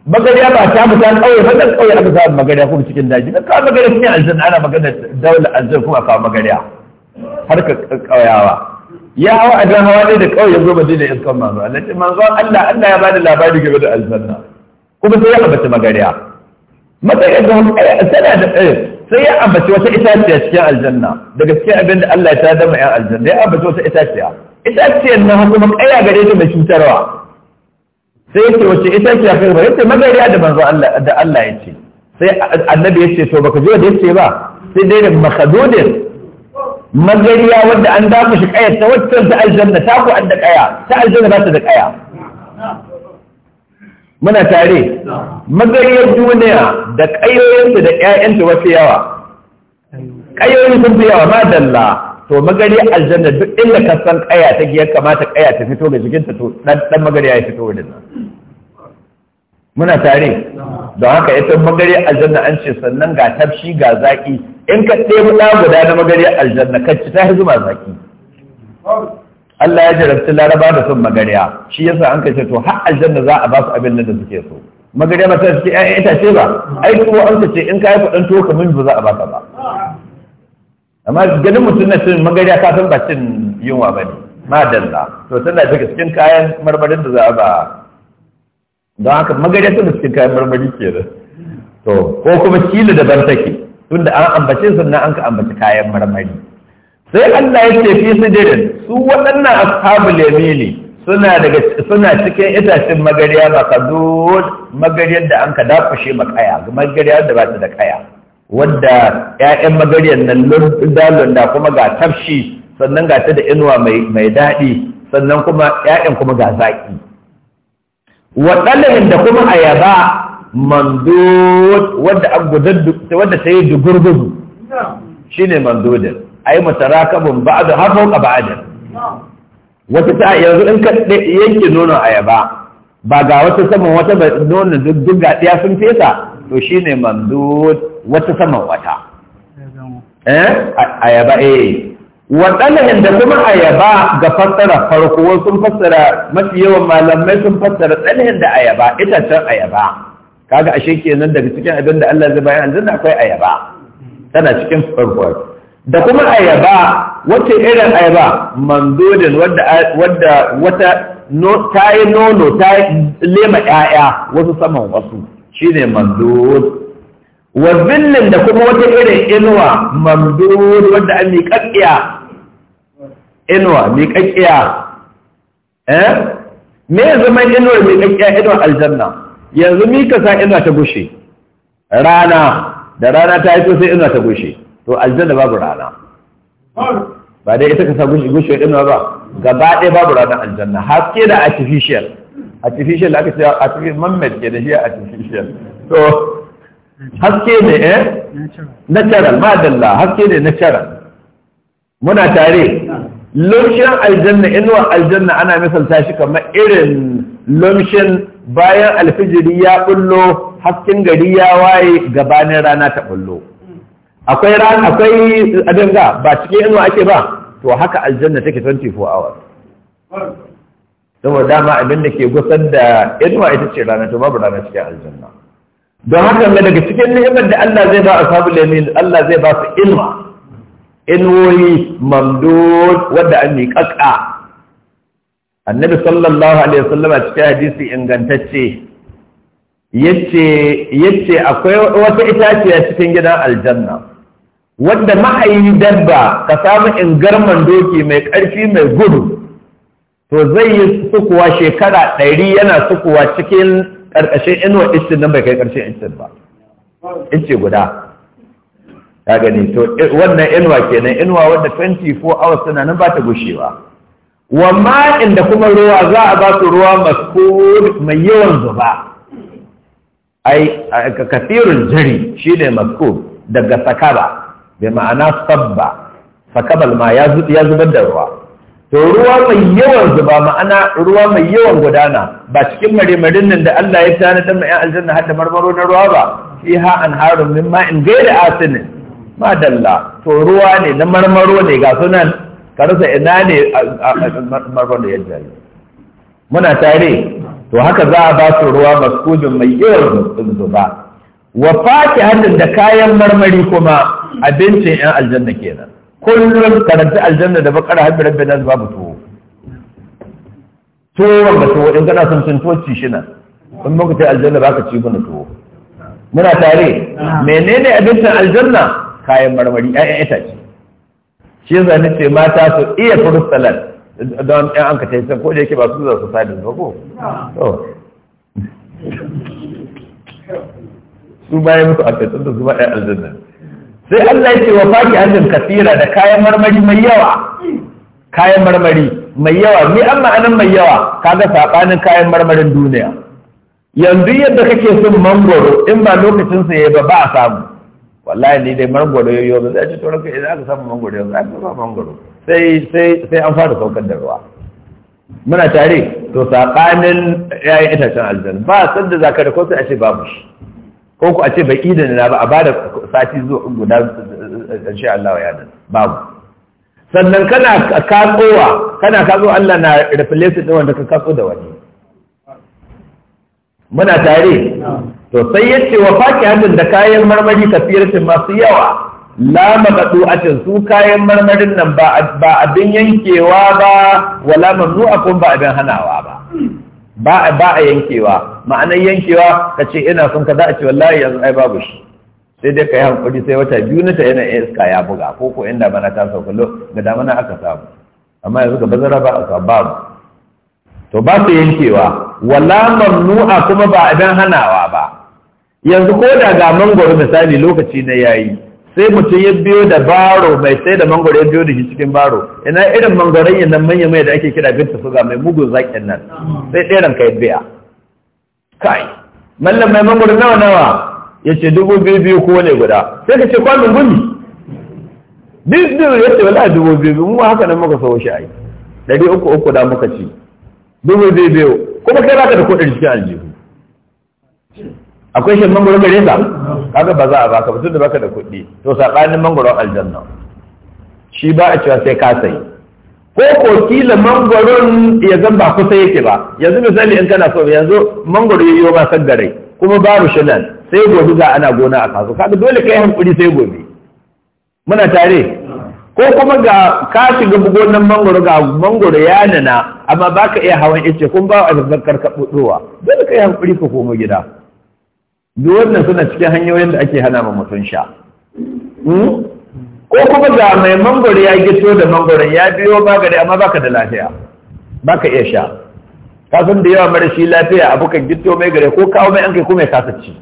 magariya ba ta mu ta kauye ba dan kauye aka samu magariya kuma cikin daji dan kawo magariya cikin aljanna ana magana daula aljanna kuma kawo magariya har ka kauyawa ya hawa a dan hawa ne da kauye zo madina iskan manzo Allah ce manzo Allah Allah ya bada labari game da aljanna kuma sai ya abata magariya matsayin da tana da sai ya ambaci wata itaciya cikin aljanna daga cikin abin da Allah ya ta dama yan aljanna ya ambaci wata itaciya itaciyar nan kuma kaya gare ta mai cutarwa sai yake wace ita ce akai ba yace magariya da manzo Allah da Allah yace sai annabi yace to baka ji wanda yace ba sai dai da makadudin magariya wanda an dafa shi kayar ta wacce ta aljanna ta ku an da kaya ta aljanna ba ta da kaya muna tare magariyar duniya da kayoyinta da ƴaƴanta wasu yawa kayoyin sun fi yawa ma dalla to magari aljanna duk inda ka san kaya ta ya kamata kaya ta fito ga jikinta to dan dan magari ya fito wurin nan muna tare don haka ita magari aljanna an ce sannan ga tafshi ga zaki in ka ɗebi ɗa guda na magari aljanna ka ci ta zuma zaki Allah ya jarabci laraba da son magariya shi yasa an kace to har aljanna za a ba su abin da suke so magariya ba ta ce ita ce ba ai kuma an ce in ka yi kuɗin to kamin ba za a ka ba amma ganin mutum na cin magariya ka san ba cin yunwa ba ne dalla to tana daga cikin kayan marmarin da za a ba don haka magariya tana cikin kayan marmari ke da to ko kuma kila da ban take tunda an ambace sannan an ka ambaci kayan marmari sai Allah ya ce fi sidirin su waɗannan ashabu yamini suna daga suna cikin itacen magariya makadud magariyar da an ka dafashe makaya magariyar da ba ta da kaya wadda ‘ya'yan magariyar nan lunda-lunda kuma ga tafshi sannan ga ta da inuwa mai daɗi sannan kuma ‘ya'yan kuma ga zaƙi waɗannan da kuma ayaba yaba wadda ta yi dugurgudu shi ne mandodin ai masara kabin ba da hafau a ba'adar wata ta yanzu in ka yanke nonon ayaba ba ga wata saman wata nonon duk gaɗiya sun fesa to shi ne mandod wata saman wata eh? Eh? ayaba eh waɗannan da kuma ayaba ga fassara farko sun fassara mafi yawan malamai sun fassara tsanahin da ayaba itacen ayaba kaga ashe kenan daga cikin abin da Allah zai bayan aljanna akwai ayaba tana cikin farko da kuma ayaba wacce irin ayaba mandodin wadda wadda wata no tayi nono ta lema ƴaƴa wasu saman wasu shine mandod wa zillin da kuma wata irin inuwa mamdud wadda an miƙaƙƙiya inuwa miƙaƙƙiya eh me zama inuwa, miƙaƙƙiya inuwar aljanna yanzu ka sa inuwa ta gushe rana da rana ta haifo sai inuwa ta gushe to aljanna babu rana ba dai ita ka sa gushe gushe inuwa ba gaba ɗaya babu rana aljanna haske da artificial artificial aka ce artificial man mai ke da shi artificial to haske ne eh natural madalla haske ne charal muna tare lumshin aljanna inuwa aljanna ana misalta shi kamar irin lumshin bayan alfijiri ya bullo hasken gari ya waye gabanin rana ta bullo akwai ran akwai adanga ba cikin inuwa ake ba to haka aljanna take 24 hours saboda dama abin da ke gusar da inuwa ita ce rana to babu rana cikin aljanna don haka mai daga cikin ni'imar da Allah zai ba a sabu lamin Allah zai ba su ilma. inwoyi mamdod wadda an miƙaƙa annabi sallallahu alaihi wasallam a cikin hadisi ingantacce yace yace akwai wata itaciya cikin gidan aljanna wadda ma'ayi dabba ka samu ingarman doki mai ƙarfi mai gudu to zai yi sukuwa shekara ɗari yana sukuwa cikin ƙarƙashin inuwa istin nan bai kai ƙarshen istin ba inci guda ya gani to wannan inuwa kenan inuwa wadda 24 hours suna nan ba ta gushewa wamma inda kuma ruwa za a ba su ruwa maskur mai yawan zuba ai kafirun jari shine maskur daga sakaba bi ma'ana sabba sakabal ma ya zubar da ruwa to ruwa mai yawan zuba ma'ana ruwa mai yawan gudana ba cikin marimarin nan da Allah ya tana da mai aljanna hadda marmaro na ruwa ba an anharun min ma'in gaira asinin dalla to ruwa ne na marmaro ne ga sunan karsa ina ne marmaro da yadda muna tare to haka za a ba su ruwa maskudin mai yawan zuba wa fatihatin da kayan marmari kuma abincin 'yan aljanna kenan kullum karanta aljanna da bakara habbi rabbi nas babu tuwo ba da tuwo in kana son sun tuwo ci shi na Kun muka ta aljanna ba ka ci bana tuwo muna tare menene abincin aljanna kayan marmari ƴaƴan itace shi yasa ni ce mata su iya fruit salad don ƴan an ka tayi ko da yake ba su za su sa da ko su baya musu a kai da su ba ƴan aljanna sai Allah ya ce wa faki jin kasira da kayan marmari mai yawa kayan marmari mai yawa mai an ma'anin mai yawa kaga saɓanin kayan marmarin duniya yanzu yadda kake son mangoro in ba lokacin sa yayi ba ba a samu wallahi ni dai mangoro yoyo ba zai ci to ranka idan aka samu mangoro yanzu aka ba mangoro sai sai sai an fara saukar da ruwa muna tare to saɓanin yi itacen aljanna ba sanda zaka da ko sai a ce babu shi ko ku a ce bai idan na ba a bada sati zuwa guda insha Allah ya dan babu sannan kana katsowa kana katso Allah na replace din wanda ka katso da wani muna tare to sai yace wa hadin da kayan marmari kafiratin masu yawa la cin su kayan marmarin nan ba abin yankewa ba wala kun ba abin hanawa ba ba a yankewa ma'anar yankewa ka ce ina son ka za a ce wallahi yanzu ai babu shi sai dai ka yi hankali sai wata biyu na ta yana iska ya buga ko ko inda bana ta sauka ga damana aka samu amma yanzu ka bazara ba a babu to ba su yankewa wala mamnu'a kuma ba abin hanawa ba yanzu ko da ga mangoro misali lokaci na yayi sai mutum ya biyo da baro mai sai da mangoro ya biyo da shi cikin baro ina irin mangoron yin nan manya mai da ake kira binta suga mai mugun zaƙin nan sai ɗeran ka ya biya kai mallam mai mangoro nawa nawa ya ce dubu biyu biyu ko ne guda sai ka ce kwanin gumi biyu biyu ya ce wala dubu biyu biyu mu haka nan muka sawo shi ai ɗari uku uku da muka ci dubu biyu biyu kuma kai baka da kuɗin cikin aljihu akwai shi mangoro gare sa kaga ba za a baka ba tunda baka da kuɗi to sakanin mangoro aljanna shi ba a cewa sai ka sai ko ko kila mangoron ya zan ba kusa yake ba yanzu misali in kana so yanzu mangoro yayyo ba san gare kuma babu shi nan sai gobe ga ana gona a kasu kaga dole kai hankuri sai gobe muna tare ko kuma ga ka shiga gonan mangoro ga mangoro ya nana amma baka iya hawan ice kun ba a zakkar ka budowa dole kai hankuri ka komo gida duk wannan suna cikin hanyoyin da ake hana ma mutum sha hmm? ko kuma ga mai mangoro ya gito da mangoron ya biyo magani amma baka da lafiya baka iya sha kasan da yawa marashi lafiya abu kan gito mai gare ko kawo mai an kai kuma ya kasa ci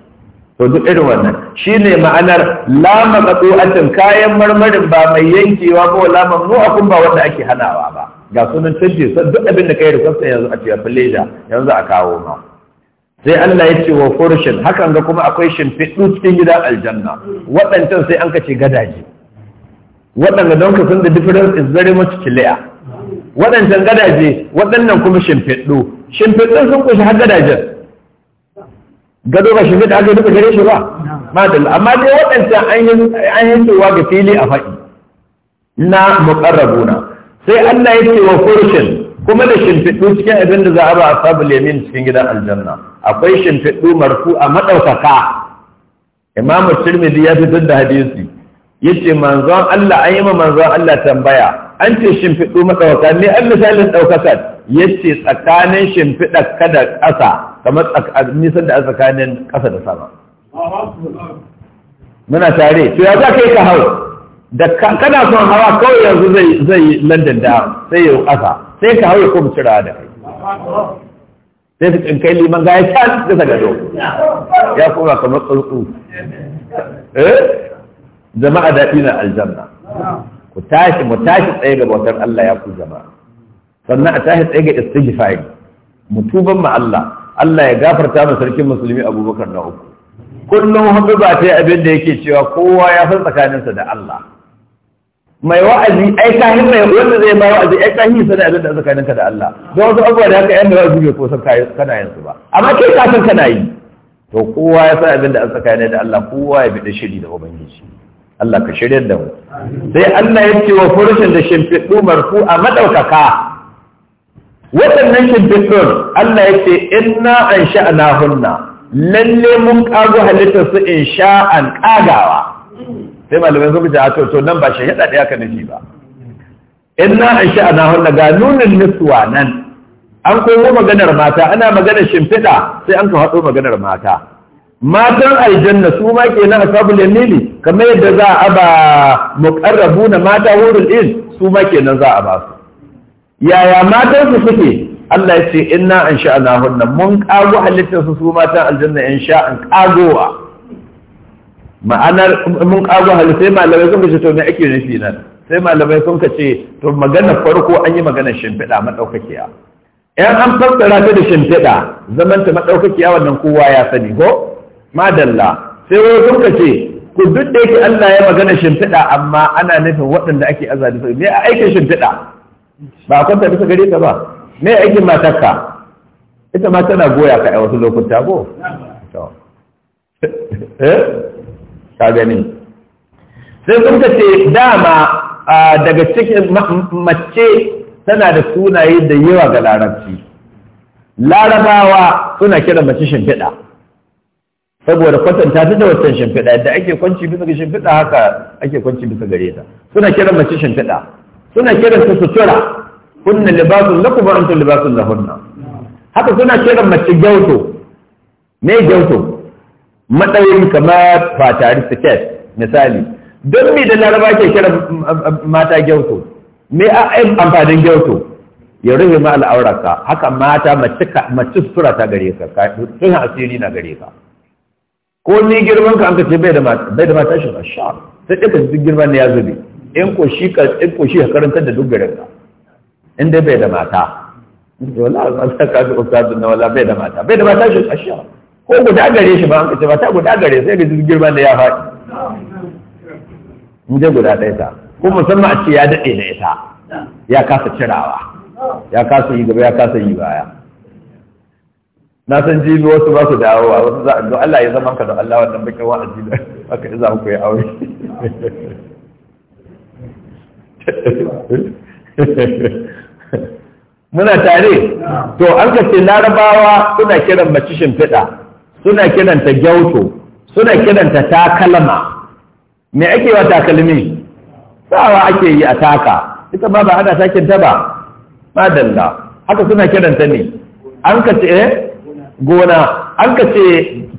to duk irin wannan shine ma'anar lama matsu'atin kayan marmarin ba mai yankewa ba wala kun ba wanda ake hanawa ba ga sunan canje duk abin da kai yanzu a cikin leja yanzu a kawo ma sai Allah ya ce wa furshin hakan ga kuma akwai shimfiɗu cikin gidan aljanna waɗancan sai an ka gadaje waɗanda don ka sun da difference is very much clear waɗancan gadaje waɗannan kuma shimfiɗu shimfiɗun sun kushi har gadajen gado ba shi da aka duka gare shi ba madalla amma dai waɗanda an yi cewa ga fili a faɗi na muƙarrabuna sai Allah ya ce wa furshin kuma da shimfiɗu cikin abin da za a ba a sabu lemin cikin gidan aljanna akwai shimfiɗu marfu a maɗaukaka imamu tirmidhi ya fitar da hadisi yace manzon Allah an yi ma manzon Allah tambaya an ce shimfiɗu maɗaukaka ne an misalin ɗaukaka yace tsakanin shimfiɗa kada ƙasa kamar nisan da a tsakanin ƙasa da sama muna tare to ya za ka yi ka hau da kana son hawa kawai yanzu zai yi london da sai ya ƙasa sai ka hau ya kuma cira da kai sai su tsinkai liman ga ya can bisa gado ya koma kamar tsuntsu eh? jama'a daɗi na aljanna ku tashi mu tashi tsaye ga bautar Allah ya ku jama'a sannan a tashi tsaye ga mu tuban ma Allah Allah ya gafarta mu sarkin musulmi Abubakar na uku kullum hudu ba ta yi abin da yake cewa kowa ya san tsakaninsa da Allah mai wa'azi ai kahin mai wanda zai ba wa'azi ai kahin sai da abin da tsakanin ka da Allah don wasu abubuwa da haka yan da wa'azi bai ko kana yin su ba amma kai ka san kana yi to kowa ya san abin da ne da Allah kowa ya bi shiri da ubangiji Allah ka shiryar da mu sai Allah ya ce wa furushin da shimfiɗu marfu a madaukaka waɗannan shimfiɗun Allah ya ce inna an sha'ana hunna lalle mun kago halittar su in sha'an kagawa sai malamai suka ce a to nan ba shi yada ɗaya ka nufi ba in na an sha na ga nunin nisuwa nan an komo maganar mata ana maganar shimfiɗa sai an ka haɗo maganar mata matan aljanna su ma ke na asabul yamini kamar yadda za a ba na mata hurul in su ma ke nan za a ba su yaya matan su suke Allah ya ce inna an sha na mun kago halittar su su matan aljanna in sha an kagowa ma'anar mun kago hali sai malamai sun kace to me ake nufi nan sai malamai sun kace to magana farko an yi magana shimfiɗa madaukakiya yan an fassara ta da shimfiɗa zaman ta madaukakiya wannan kowa ya sani ko madalla sai wai sun kace ku duk da yake Allah ya magana shimfiɗa amma ana nufin waɗanda ake azabi sai me aikin shimfiɗa ba a kwanta bisa gare ta ba me aikin matarka ita ma tana goya ka a wasu lokuta ko *laughs* eh ka gani sai sun ka ce dama daga cikin mace tana da sunaye da yawa ga larabci larabawa suna kira mace shimfiɗa saboda kwatanta ta da wancan shimfiɗa yadda ake kwanci bisa ga shimfiɗa haka ake kwanci bisa gare ta suna kira mace shimfiɗa suna kira su sutura kunna libasun lakum kuma antum libasun hunna haka suna kira mace gyauto me gyauto matsayin kamar fatari siket misali don me da laraba ke kira mata gyauto me a amfanin gyauto ya rufe ma al'auraka haka mata mace sura ta gare ka sun asiri na gare ka ko ni girman ka an ka ce bai da mata shi ba sha sai ɗaya duk girman ne ya zube in ko shi ka karantar da duk garin ka in dai bai da mata wala ta kasu ukazu na wala bai da mata bai da mata shi a sha ko guda gare shi ba an kace ba ta guda gare sai ga girman da ya faɗi in je guda ɗaya ta ko musamman a ce ya daɗe da ita ya kasa cirawa ya kasa yi gaba ya kasa yi baya na san jibi wasu ba su dawowa wasu za a Allah ya zama ka da Allah wannan bakin wa ajiyi aka yi za ku yi aure muna tare to an ka ce larabawa suna kiran mace shimfiɗa suna kiranta gyauto suna kiranta takalma me ake wa takalmi sawa ake yi a taka ita ma ba ana takin ta ba madalla haka suna kiranta ne an ka ce eh? gona an ka ce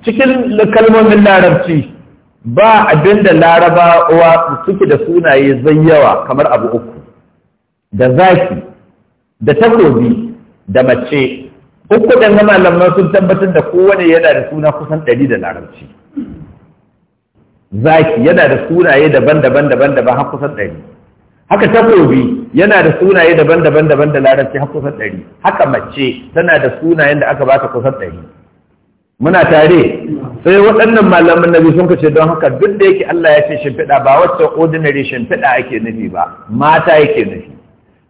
cikin kalmomin larabci ba abin da larabawa suke da sunaye zai yawa kamar abu uku da zaki da takobi da mace uku ɗan malaman sun tabbatar da kowane yana da suna kusan ɗari da larabci zaki yana da sunaye daban-daban daban-daban har kusan ɗari haka takobi yana da sunaye daban-daban daban da larabci har kusan ɗari haka mace tana da sunayen da aka baka kusan ɗari muna tare sai waɗannan malaman nabi sun kace don haka duk da yake Allah ya ce shimfiɗa ba wacce ordinary shimfiɗa ake nufi ba mata yake nufi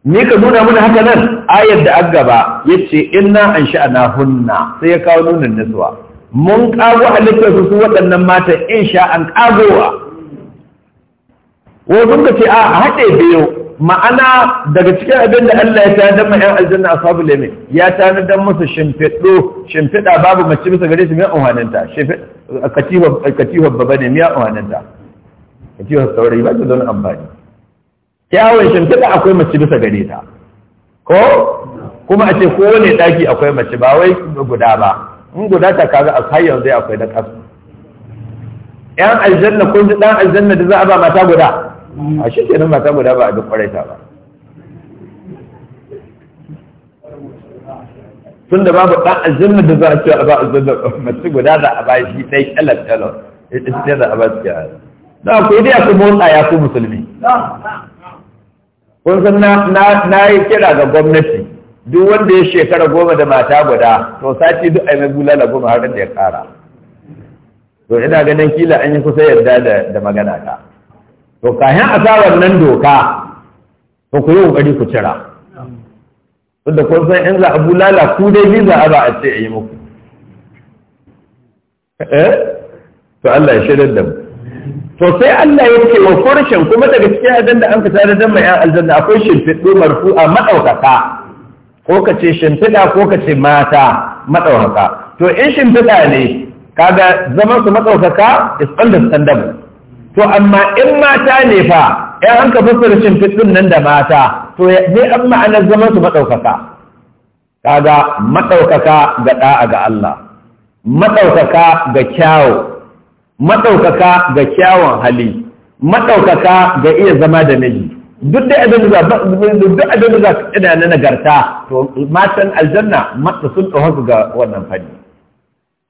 ni ka nuna mana haka nan ayar da an gaba ya ce inna an na hunna sai ya kawo nunan nasuwa mun kago halittar su su waɗannan matan in kagowa wa? wasu ka ce a haɗe biyu ma'ana daga cikin abin da Allah ya tanadar ma 'yan aljanna a sabu lemin ya tanadar musu shimfiɗo shimfiɗa babu mace bisa gare su miya unhaninta katifar baba ne miya unhaninta katifar saurayi ba ta zaune amfani kyawun shimfiɗa akwai mace bisa gare ta ko kuma a ce kowane ɗaki akwai mace ba wai guda ba in guda ta kaga a har yanzu akwai na ƙasa yan aljanna kun ji ɗan aljanna da za a ba mata guda a shi nan mata guda ba a duk ta ba tun da babu ɗan aljanna da za a ce a ba aljanna mace guda da a ba shi ɗai ƙalar ƙalar ita ce da a ba su yi. da ku yi dai a motsa ya ku musulmi kun san na yi kira ga gwamnati duk wanda ya shekara goma da mata guda to sati duk ai mai bulala goma har da ya kara to ina ganin kila an yi kusa yarda da magana ta to a asarar nan doka to ku yi kokari ku cira tunda kun san in za a bulala ku dai ni za a ba a ce a yi muku eh to Allah ya shirya da mu to sai Allah ya ce wa furshin kuma daga cikin adan da an fita da dan mai yan aljanna akwai shimfiɗu marfu a madaukaka ko ka ce shimfiɗa ko ka ce mata madaukaka to in shimfiɗa ne kaga zaman su madaukaka is understandable to amma in mata ne fa yan an ka fassara shimfiɗun nan da mata to ne an ma'anar zaman su madaukaka kaga madaukaka ga da'a ga Allah madaukaka ga kyawu maɗaukaka ga kyawun hali maɗaukaka ga iya zama da miji duk da abin da duk abin da za ka na nagarta to matan aljanna mata sun ɗauka ga wannan fanni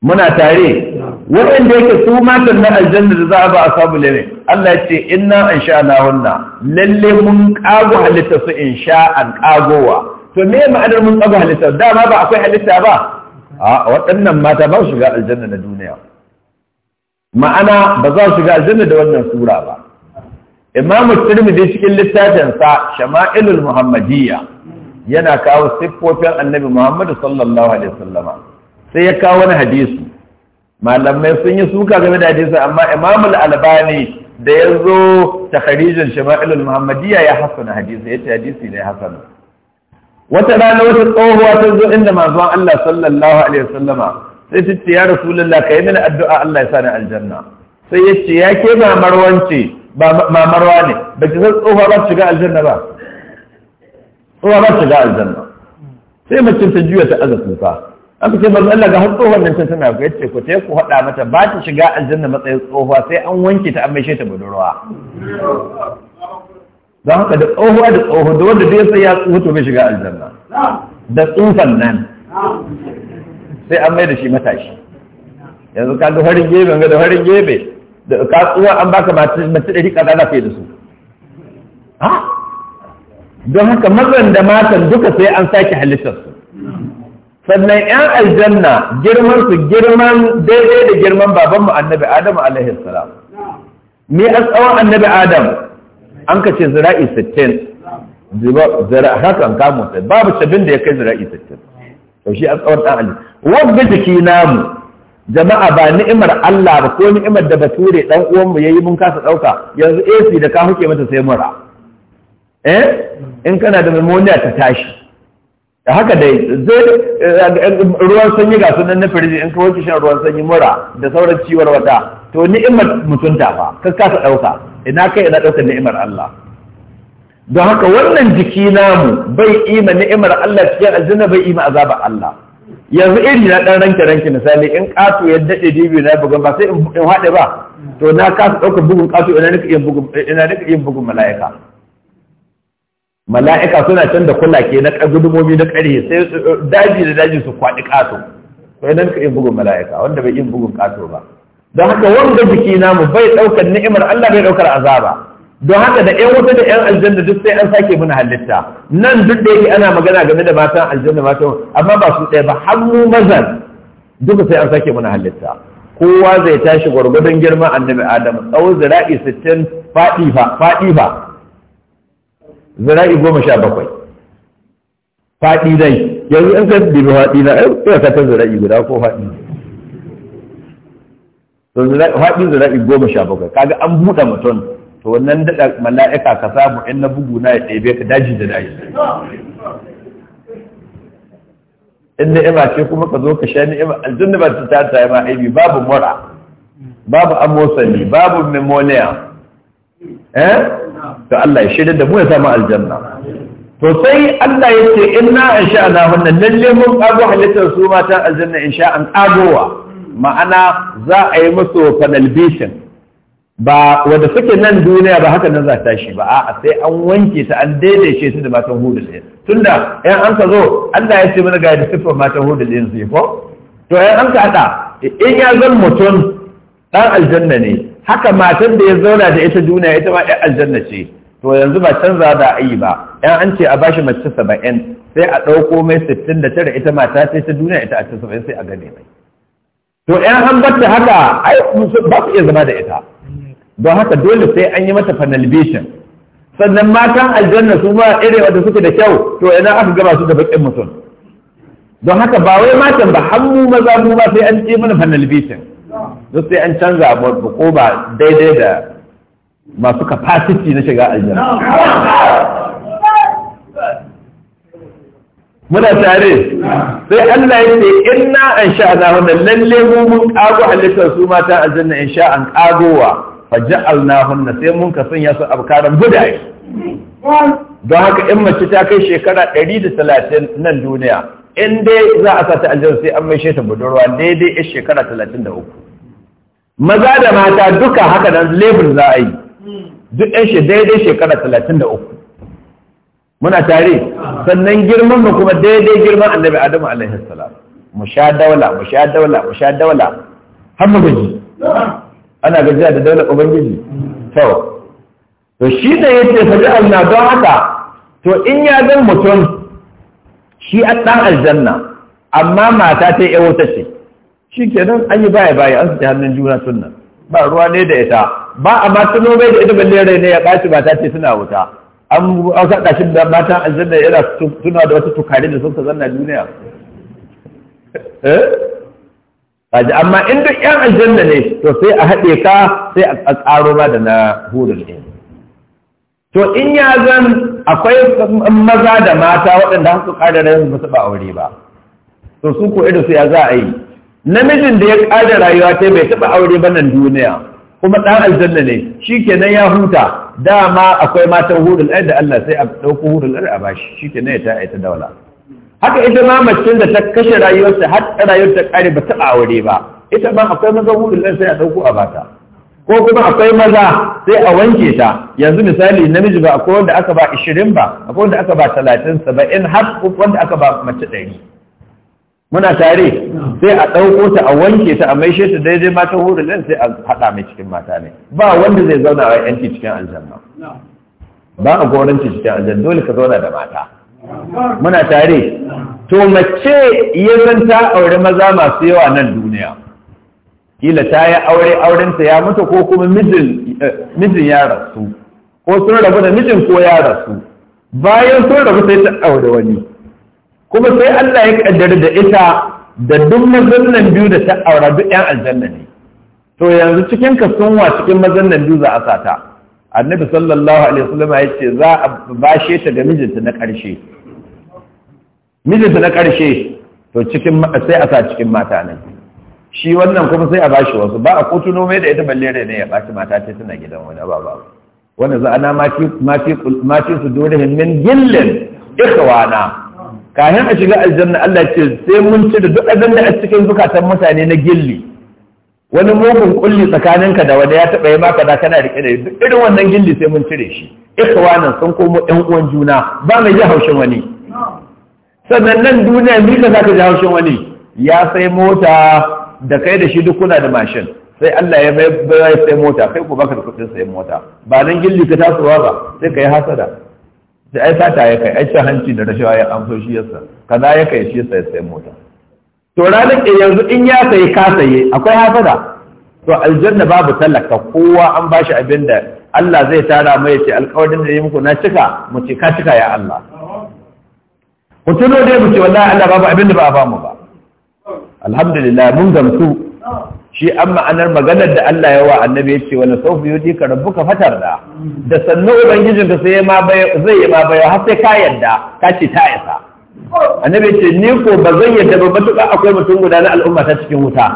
muna tare waɗanda yake su matan na aljanna da za a ba a samu leme Allah ya ce inna an sha na hunna lalle mun kago halitta su in sha an ƙagowa to me ma'anar mun ƙago halitta dama ba akwai halitta ba a waɗannan mata ba su shiga aljanna na duniya ma'ana ba za su shiga aljanna da wannan sura ba imam tirmidhi cikin littafin sa shama'ilul muhammadiyya yana kawo siffofin annabi muhammad sallallahu alaihi wasallama sai ya kawo wani hadisi malamai sun yi suka game da hadisi amma imam al-albani da ya zo takharijin shama'ilul muhammadiyya ya hasana hadisi yace hadisi ne hasana wata rana wata tsohuwa ta zo inda manzon Allah sallallahu alaihi wasallama sai ta ce ya rasulullah kai mini addu'a Allah ya sani aljanna sai ya ce ya ke mamar wance mamarwa ne ba ki san tsohuwa ba shiga aljanna ba tsohuwa ba shiga aljanna sai mace ta juya ta aza kuka aka ce manzo Allah ga har tsohuwar nan can tana ya ce ko ta ku haɗa mata ba ta shiga aljanna matsayin tsohuwa sai an wanke ta an mai ta budurwa don haka da tsohuwa da tsoho da wanda dai sai ya tsoho to bai shiga aljanna da tsufan nan sai an mai da shi matashi yanzu ka ga farin gebe ga da farin gebe da kasuwa an baka mace da rika za ka da su don haka mazan da matan duka sai an sake halittarsu sannan 'yan aljanna girman su girman daidai da girman babanmu annabi adamu alaihi salam me a tsawon annabi adam an ka ce zira'i 60 zira hakan kamun sai babu sabin da ya kai zira'i 60 to shi a tsawon ɗan aljanna wadda jiki namu jama'a ba ni'imar Allah ba ko ni'imar da bature dan uwan mu yayi mun kasa dauka yanzu AC da ka huke mata sai mura eh in kana da pneumonia ta tashi da haka dai zai eh, ruwan sanyi ga sunan na firiji in ka wuce shan ruwan sanyi mura da sauran ciwar wata to ni'imar mutunta fa ka kasa dauka ina kai ina ɗaukar ni'imar Allah don haka wannan jiki namu bai ima ni'imar Allah cikin aljanna bai ima azabar Allah yanzu iri na dan ranke ranke misali in kato ya dade dibi na bugun ba sai in haɗe ba to na kasa ɗaukar bugun kato ina nika iya bugun ina nika iya bugun mala'ika mala'ika suna can da kulake na gudumomi na kare sai daji da daji su kwaɗi kato to ina nika iya bugun mala'ika wanda bai iya bugun kato ba don haka wanda jiki namu bai ɗaukar ni'imar Allah bai ɗaukar azaba don haka da ƴan wata da ƴan aljanna duk sai an sake muna halitta nan duk da yake ana magana game da matan aljanna matan amma ba su ɗaya ba har mu mazan duk sai an sake muna halitta kowa zai tashi gwargwadon girman annabi adam tsawon zira'i sittin faɗi fa faɗi fa zira'i goma sha bakwai faɗi dai yanzu in ka dibi faɗi na ai ka ta zira'i guda ko faɗi to faɗi zira'i goma sha bakwai kaga an buɗe mutum to wannan daɗa mala'ika ka samu in na bugu na ya ɗebe ka daji da daji in ni'ima ce kuma ka zo ka sha ni'ima aljanna ba ta tata ma aibi babu mura babu amosani babu Memonia. eh to Allah ya shirya da mu ya samu aljanna to sai Allah ya ce inna insha Allah wannan lalle mun kago halittar su matan aljanna in sha an kagowa ma'ana za a yi musu fanalbishin ba wanda suke nan duniya ba haka nan za ta shi ba a'a sai an wanke ta an daidaice su da matan hudu ɗin tunda yan an ka zo Allah ya ce mana ga da sifar matan hudu ɗin su ko to yan an ka hada in ya zan mutum dan aljanna ne haka matan da ya zauna da ita duniya ita ma yan aljanna ce to yanzu ba canza da ayi ba yan an ce a bashi mace saba'in sai a ɗauko mai sittin da tara ita mata sai ta duniya ita a ta saba'in sai a gane mai to yan an batta haka ai ba su iya zama da ita don haka dole sai an yi mata penalization sannan matan aljanna su ma irin wanda suke da kyau to ina aka gaba su da bakin mutum don haka ba wai matan ba hannu maza mu ba sai an ce mana penalization don sai an canza ko ba daidai da masu capacity na shiga aljanna muna tare sai Allah ya ce inna an sha na lalle mu mun kago halittar su mata aljanna in sha an kagowa faja'alnahunna sai mun ka sanya su abkaran gudaye don haka in mace ta kai shekara 130 nan duniya in dai za a sa ta aljanna sai an maishe ta budurwa daidai a shekara 33 maza da mata duka haka nan lebur za a yi duk ɗan shi daidai shekara 33 muna tare sannan girman mu kuma daidai girman annabi adamu alaihi salam mu sha daula mu sha daula mu sha daula har mu gaji ana gajiya da daular ubangiji to to shi da yace faji Allah don haka to in ya zan mutum shi an dan aljanna amma mata ta yi wuta ce shi kenan an yi baya baya an su hannun juna sunna ba ruwa ne da ita ba a ma tuno da ita balle ne ya kaci mata ce suna wuta an kaɗa shi da matan aljanna yana tuna da wata tukari da suka zanna duniya eh kaji amma in duk yan aljanna ne to sai a haɗe ka sai a tsaro ma da na hurul ɗin to in ya zan akwai maza da mata waɗanda su ƙadara yin ba su ba aure ba to su ko irin su ya za a yi namijin da ya ƙada rayuwa ta bai taɓa aure ba nan duniya kuma ɗan aljanna ne shi kenan ya huta dama akwai matan hurul ɗin da Allah sai a ɗauko hurul ɗin a bashi shi kenan ya ta aita daula haka ita ma macen da ta kashe rayuwarsa, har rayuwar ta kare ba ta aure ba ita ma akwai maza hudu nan sai a dauko a bata ko kuma akwai maza sai a wanke ta yanzu misali namiji ba akwai wanda aka ba 20 ba akwai wanda aka ba 30 70 har wanda aka ba mace 100 muna tare sai a ɗauko ta a wanke ta a maishe ta daidai mata hudu nan sai a haɗa mai cikin mata ne ba wanda zai zauna a yanki cikin aljanna ba a goranci cikin aljanna dole ka zauna da mata muna tare to mace ya zan ta aure maza masu yawa nan duniya kila ta yi aure aurenta ya mutu ko kuma eh, mijin ya rasu ko sun rabu da mijin ko ya rasu bayan sun rabu sai ta aure wani kuma sai Allah ya kaddara da ita da duk mazannan biyu da ta aure duk 'yan aljanna ne to yanzu cikin kasunwa cikin mazannan biyu za a sata annabi sallallahu alaihi wasallam ya ce za a bashe ta ga mijinta na ƙarshe mijinta na ƙarshe to cikin sai a sa cikin mata nan shi wannan kuma sai a bashi wasu ba a kotu nome da ita balle ne ya bashi mata ce tana gidan wani ba ba wannan za ana mafi su dorehen min gillin ikhwana kafin a shiga aljanna Allah ce sai mun ci da duk abin da a cikin zukatan mutane na gilli wani mugun kulli tsakanin ka da wani ya taɓa yi maka da kana rike da duk irin wannan gilli sai mun cire shi ikhwanan sun komo ɗan uwan juna ba mai ji haushin wani sannan nan duniya ni ka zaka ji haushin wani ya sai mota da kai da shi duk kuna da mashin sai Allah ya bai bai sai mota kai ku baka da kuɗin sai mota ba nan gilli ka tasowa ba sai kai hasada sai ai sata ya kai ai hanci da rashawa ya amso shi yasa kaza ya kai shi yasa ya sai mota to ranar yanzu in ya sayi ka saye akwai hasada to aljanna babu talaka kowa an bashi abin da Allah zai tara mai ce alƙawarin da ya muku na cika mu ce ka cika ya Allah ku tuno dai mu ce wallahi Allah babu abin da ba a bamu ba alhamdulillah mun gamsu shi an ma'anar maganar da Allah ya wa annabi ya ce wala sawfa yudika rabbuka fatar da sannu ubangijinka sai ma bai zai ma bai har sai ka yarda ka ce ta isa annabi ce ni ko ba zan yadda ba matuƙa akwai mutum guda na al'umma ta cikin wuta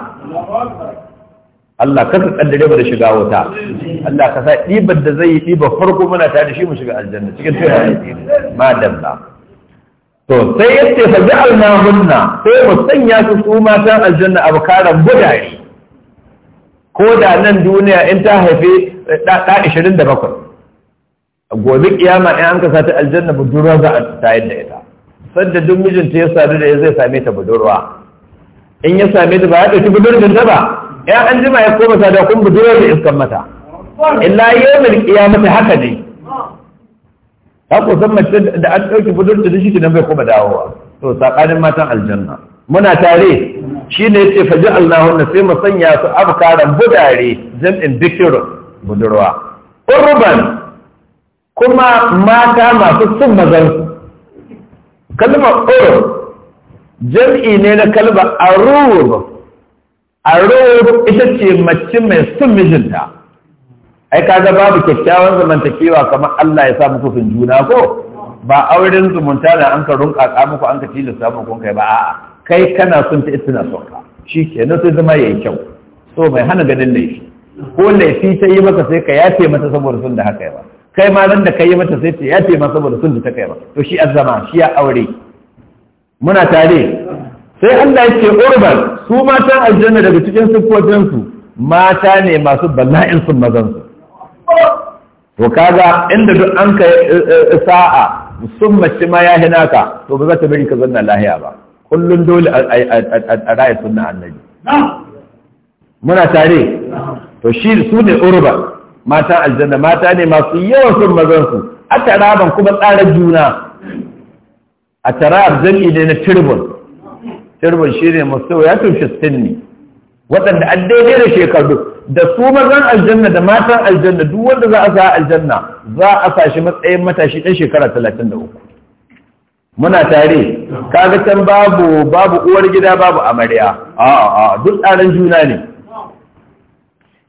Allah ka ka kaddare mu da shiga wuta Allah ka sa ɗibar da zai yi ɗibar farko muna tare da shi mu shiga aljanna cikin tunanin ma dalla to sai yace fa ja'alna hunna sai mu sanya su su matan aljanna abkaran gudare ko da nan duniya in ta haife da 27 gobe kiyama in an ka sa ta aljanna budurwa za a tayar yadda ita sanda duk mijinta ya sadu da ya zai same ta budurwa in ya same ta ba ya ɗauki budurwar ta ba ya an jima ya koma sada kun budurwar da iskan mata illa yawmin qiyamati haka ne ta ko san mace da an ɗauki budurwar da shi kidan bai koma dawowa to sakanin matan aljanna muna tare shine yace faji Allahu na sai mu su abkaran budare jam'in bikir budurwa urban kuma mata masu sun mazansu kalmar urub jam'i ne na kalmar arub arub ita ce mace mai sun mijinta ai ga babu kyakkyawan zamantakewa kamar Allah ya sa muku sun juna ko ba auren zumunta da an ka ka muku an ka tilasta muku kai ba a'a kai kana son ta ita son ka shikenan sai zama yayi kyau so mai hana ganin laifi ko laifi ta yi maka sai ka yafe mata saboda sun da haka yawa kai ma nan da kai mata sai ta yafe ma saboda sun ta kai ba to shi azzama shi ya aure muna tare sai Allah ya ce urban su matan aljanna daga cikin siffofin su mata ne masu bala'in sun mazan su to kaga inda duk an kai eh, eh, eh, sa'a sun mace ma ya hinaka to ba za ta bari ka zanna lahiya ba kullun dole a ra'ayi sunna annabi muna tare to shi su ne urban mata aljanna mata ne masu yawan son mazansu a taraban kuma tsara juna a tarab jam'i ne na turbin turbin shi ne masu ya tushe sinni waɗanda an daidai da shekaru da su mazan aljanna da matan aljanna duk wanda za a sa aljanna za a sa shi matsayin matashi ɗan shekara talatin da uku muna tare kaga can babu babu uwar gida babu amarya a'a duk tsaron juna ne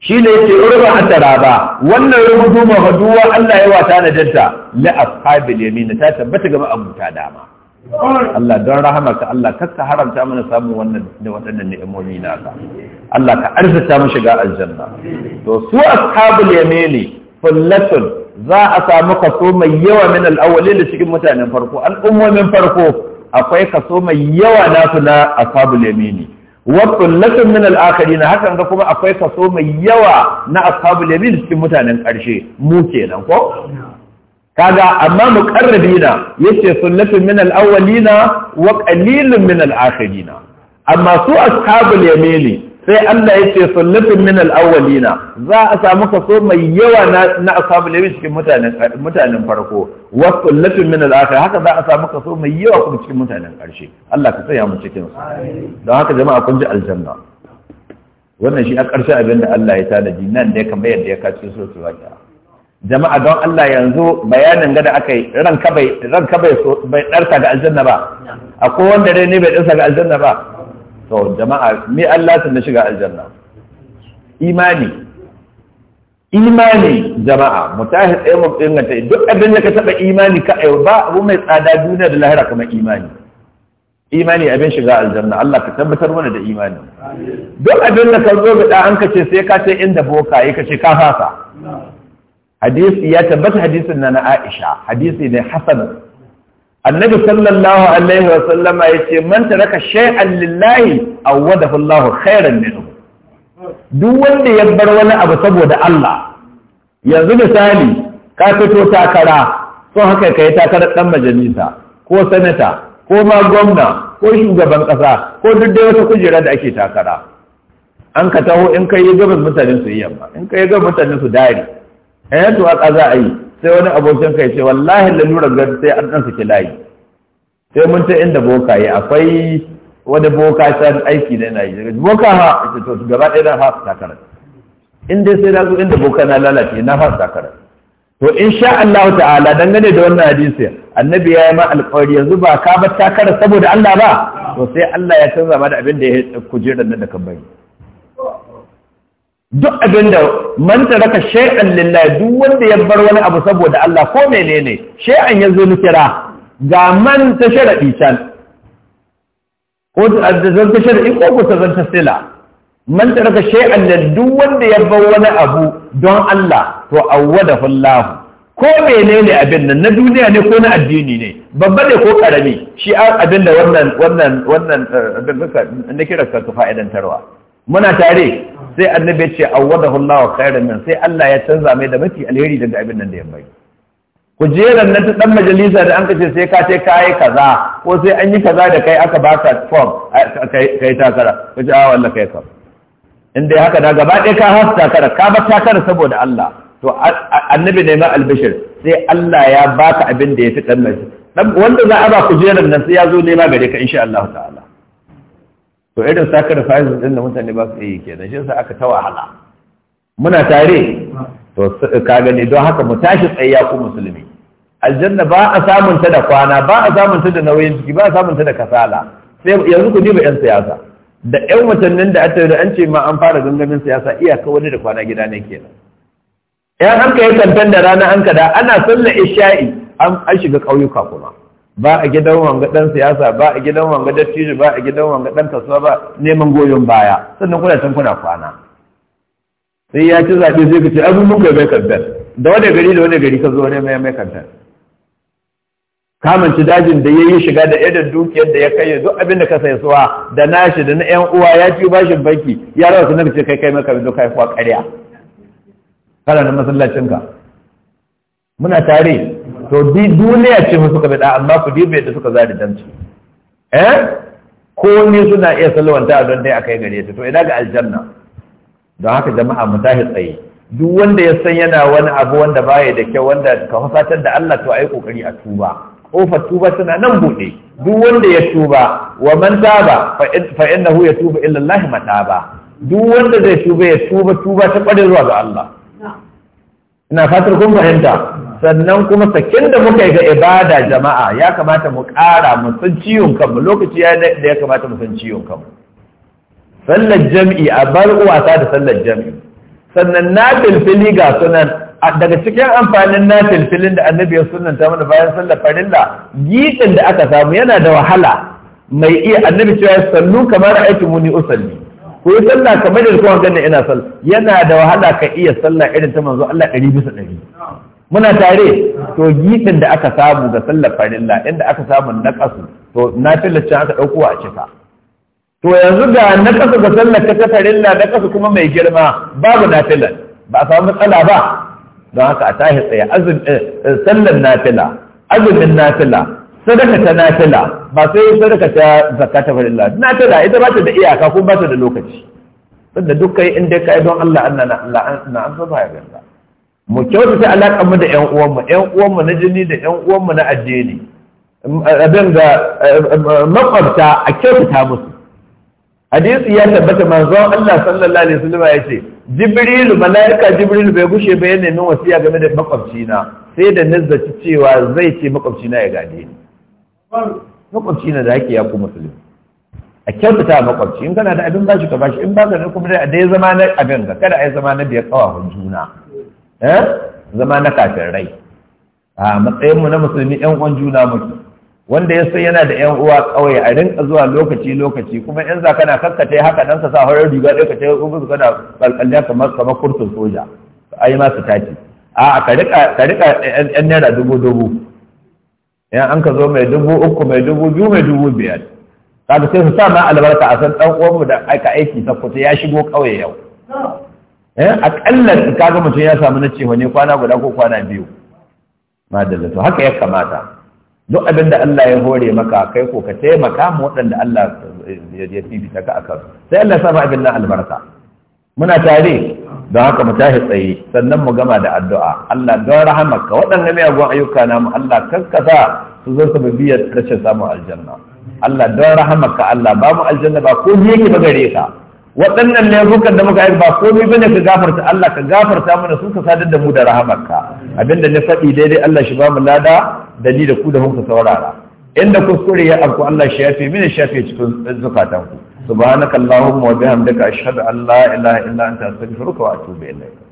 shi ne yake urba asara ba wannan rubutu mafaduwa Allah ya wata na danta la ashabil yamin ta tabbata ga abuta dama Allah don rahamarka Allah kar ka haramta mana samun wannan da waɗannan ni'imomi ka. Allah ka arzuta mu shiga aljanna to su ashabul yamini fullatun za a samu kaso mai yawa min al-awwalin da cikin mutanen farko al'ummomin farko akwai kaso mai yawa nasu na ashabul yamini wakullatun min al'akari na hakan ga kuma akwai kaso mai yawa na ashabul yamin cikin mutanen ƙarshe mu kenan ko kaga amma muqarrabina yace sunnatun min al-awwalina wa qalilun min al amma su ashabul yamin sai Allah ya ce sullufin min al'awwalina za a samu kaso mai yawa na ashabul lebi cikin mutanen farko wa sullufin min al'akhir haka za a samu kaso mai yawa kuma cikin mutanen ƙarshe Allah ka tsaya mu cikin su don haka jama'a kun ji aljanna wannan shi a karshe abin da Allah ya tanadi nan da ya kama yadda ya kace so su waka jama'a don Allah yanzu bayanin gada aka yi ranka bai ranka bai so bai darsa ga aljanna ba akwai wanda dai ne bai darsa ga aljanna ba to jama'a me Allah sun shiga aljanna imani imani jama'a mu sai mu duk abin da ka taba imani ka ba abu mai tsada duniya da lahira kamar imani imani abin shiga aljanna Allah ka tabbatar mana da imani duk abin da ka zo da an kace sai ka ce inda boka yi ce ka fasa hadisi ya tabbata hadisin na na Aisha hadisi ne hasan annabi sallallahu alaihi wa sallama raka man taraka shay'an lillahi awadahu Allahu khairan minhu duk wanda ya bar wani abu saboda Allah yanzu misali ka fito takara so haka kai takarar dan majalisa ko sanata ko ma gwamna ko shugaban kasa ko duk da wata kujera da ake takara an ka taho in kai gabas mutanen su yamma in kai gabas mutanen su dari eh to a kaza ayi sai wani abokin kai ce wallahi lalurar gari sai an ɗan saki layi sai mun ta inda boka yi akwai wani boka san aiki na yana yi boka ha ita to gaba ɗaya na fasa takarar in dai sai na zo inda boka na lalace na fasa takarar to in sha Allah ta'ala dangane da wannan hadisi annabi ya yi ma alƙawari yanzu ba ka bar takara saboda Allah ba to sai Allah ya canza ma da abin da ya kujerar nan da kan bari duk abin da man taraka shay'an lillahi duk wanda ya bar wani abu saboda Allah ko menene shay'an yazo ni kira ga man ta sharadi can ko da zan ta sharadi ko ko zan ta sila man taraka shay'an lillahi duk wanda ya bar wani abu don Allah to awwada Allah ko menene abin nan na duniya ne ko na addini ne babba ne ko karami shi abin da wannan wannan wannan eh, abin da kira ka fa'idantarwa muna tare sai annabi ce ya ce awwadahu wa khairan min sai Allah ya canza mai da mafi alheri daga abin nan da ya mai kujerar nan ta dan majalisa da an kace sai ka ce ka yi kaza ko sai an yi kaza da kai aka baka form kai takara ce a ah, wallahi kai kam? in dai haka da gaba ɗaya ka hasa takara ka ba takara saboda Allah to annabi ne ma albishir sai Allah ya baka abin da ya fi dan wanda za a ba kujerar nan sai ya zo nema gare ka insha Allah ta'ala to irin faizin din da mutane ba su yi kenan shi yasa aka ta wahala muna tare to ka gani don haka mu tashi tsayya ku musulmi aljanna ba a samun ta da kwana ba a samun ta da nauyin ciki ba a samun ta da kasala sai yanzu ku ba yan siyasa da yan watannin da aka da an ce ma an fara gangamin siyasa iyaka wani da kwana gida ne kenan yan an ka kantan da rana an kada ana sallar isha'i an shiga ƙauyuka kuma ba a gidan wanga dan siyasa ba a gidan wanga dattijo ba a gidan wanga dan kasuwa ba neman goyon baya sannan kuna can kuna kwana sai ya ci zaɓe sai ka ce abin mun kai mai kantar da wani gari da wani gari ka zo ne mai mai kantar kamanci dajin da ya yi shiga da irin dukiyar da ya kai duk abin da ka sai suwa da nashi da na yan uwa ya ci bashin banki ya rawa sunan ce kai kai maka duk kai kwa ƙarya kana na masallacinka muna tare to duniya ce mu suka bada amma ku dibe da suka zadi ci eh ko ne suna iya salwanta don dai akai gare ta to ina ga aljanna don haka jama'a mu tahi tsaye duk wanda ya san yana wani abu wanda baya da kyau wanda ka fasatar da Allah to ai kokari a tuba kofar tuba tana nan bude duk wanda ya tuba wa man taba fa innahu yatubu illa Allah mataba duk wanda zai tuba ya tuba tuba ta kware zuwa ga Allah ina fatar kun fahimta sannan kuma sakin da muka yi ga ibada jama'a ya kamata mu ƙara mu san ciwon kanmu lokaci ya da ya kamata mu san ciwon kanmu sallar jam'i a bar wasa da sallar jam'i sannan na filfili ga sunan daga cikin amfanin na filfilin da annabi ya sunan ta mana bayan sallar farilla gitin da aka samu yana da wahala mai iya annabi cewa sallu kamar aiki muni usalli ko yi sallah kamar da kuma ganin ina sallah yana da wahala ka iya sallah irin ta manzo Allah ɗari bisa ɗari muna tare to gidin da aka samu ga sallar farilla inda aka samu naqasu to nafilar can aka ɗauko a cika to yanzu ga naqasu ga sallar ta farilla naqasu kuma mai girma babu nafilar ba a samu matsala ba don haka a tahi tsaye sallar nafila azumin nafila sadaka ta nafila ba sai sadaka ta zakka ta farilla nafila ita ba ta da iyaka ko ba ta da lokaci sanda duk kai inda kai don Allah annana Allah na an saba ya ganda mu kyautata alaƙa mu da ƴan uwan mu, ƴan uwan mu na jini da ƴan uwan mu na addini abin da makwabta a kyautata musu hadisi ya tabbata manzon Allah sallallahu alaihi wasallam ya ce jibrilu malaika jibrilu bai gushe ba yana min wasiya game da makwabcina sai da nazzaci cewa zai ce makwabcina ya gade ni makwabcina da yake ya ku musulmi a kyautata makwabci in kana da abin bashi ka bashi in ba ka da kuma a dai zama na abin ka kada ai zama na biyar kawa juna Eh? zama na rai a matsayin mu na musulmi yan uwan juna muke wanda ya san yana da yan uwa kawai a rinka zuwa lokaci lokaci kuma in za kana kakkate haka dan ka sa horar riga ɗaya ka ce ubu su kana kalkalle kamar kamar kurtun soja ai ma su tace a ka rika ka rika yan naira dubu dubu yan an ka zo mai dubu uku mai dubu biyu mai dubu biyar kaga sai su sa ma albarka a san dan uwanmu da aika aiki sakkwato ya shigo kawai yau eh akalla kaga mutum ya samu na cewa ne kwana guda ko kwana biyu madalla to haka ya kamata duk abin da Allah ya hore maka kai ko ka taimaka mu waɗanda Allah ya bita ka akan sai Allah sama abin nan albarka muna tare don haka mu tashi tsaye sannan mu gama da addu'a Allah don ka waɗannan miyagun ayyuka na mu Allah kankasa su zo su bibiyar rashin samun aljanna Allah don rahamaka Allah ba aljanna ba ko yake ba gare ka waɗannan laifukan da muka yi ba komai bane ka gafarta Allah ka gafarta mana su ka sadar da mu da rahamarka abinda na faɗi daidai Allah shi ba mu lada da ni da ku da muka saurara inda kuskure ya afku Allah shi yafe mini shi yafe cikin zukatan ku subhanakallahumma wa bihamdika ashhadu an la ilaha illa anta astaghfiruka wa atubu ilayk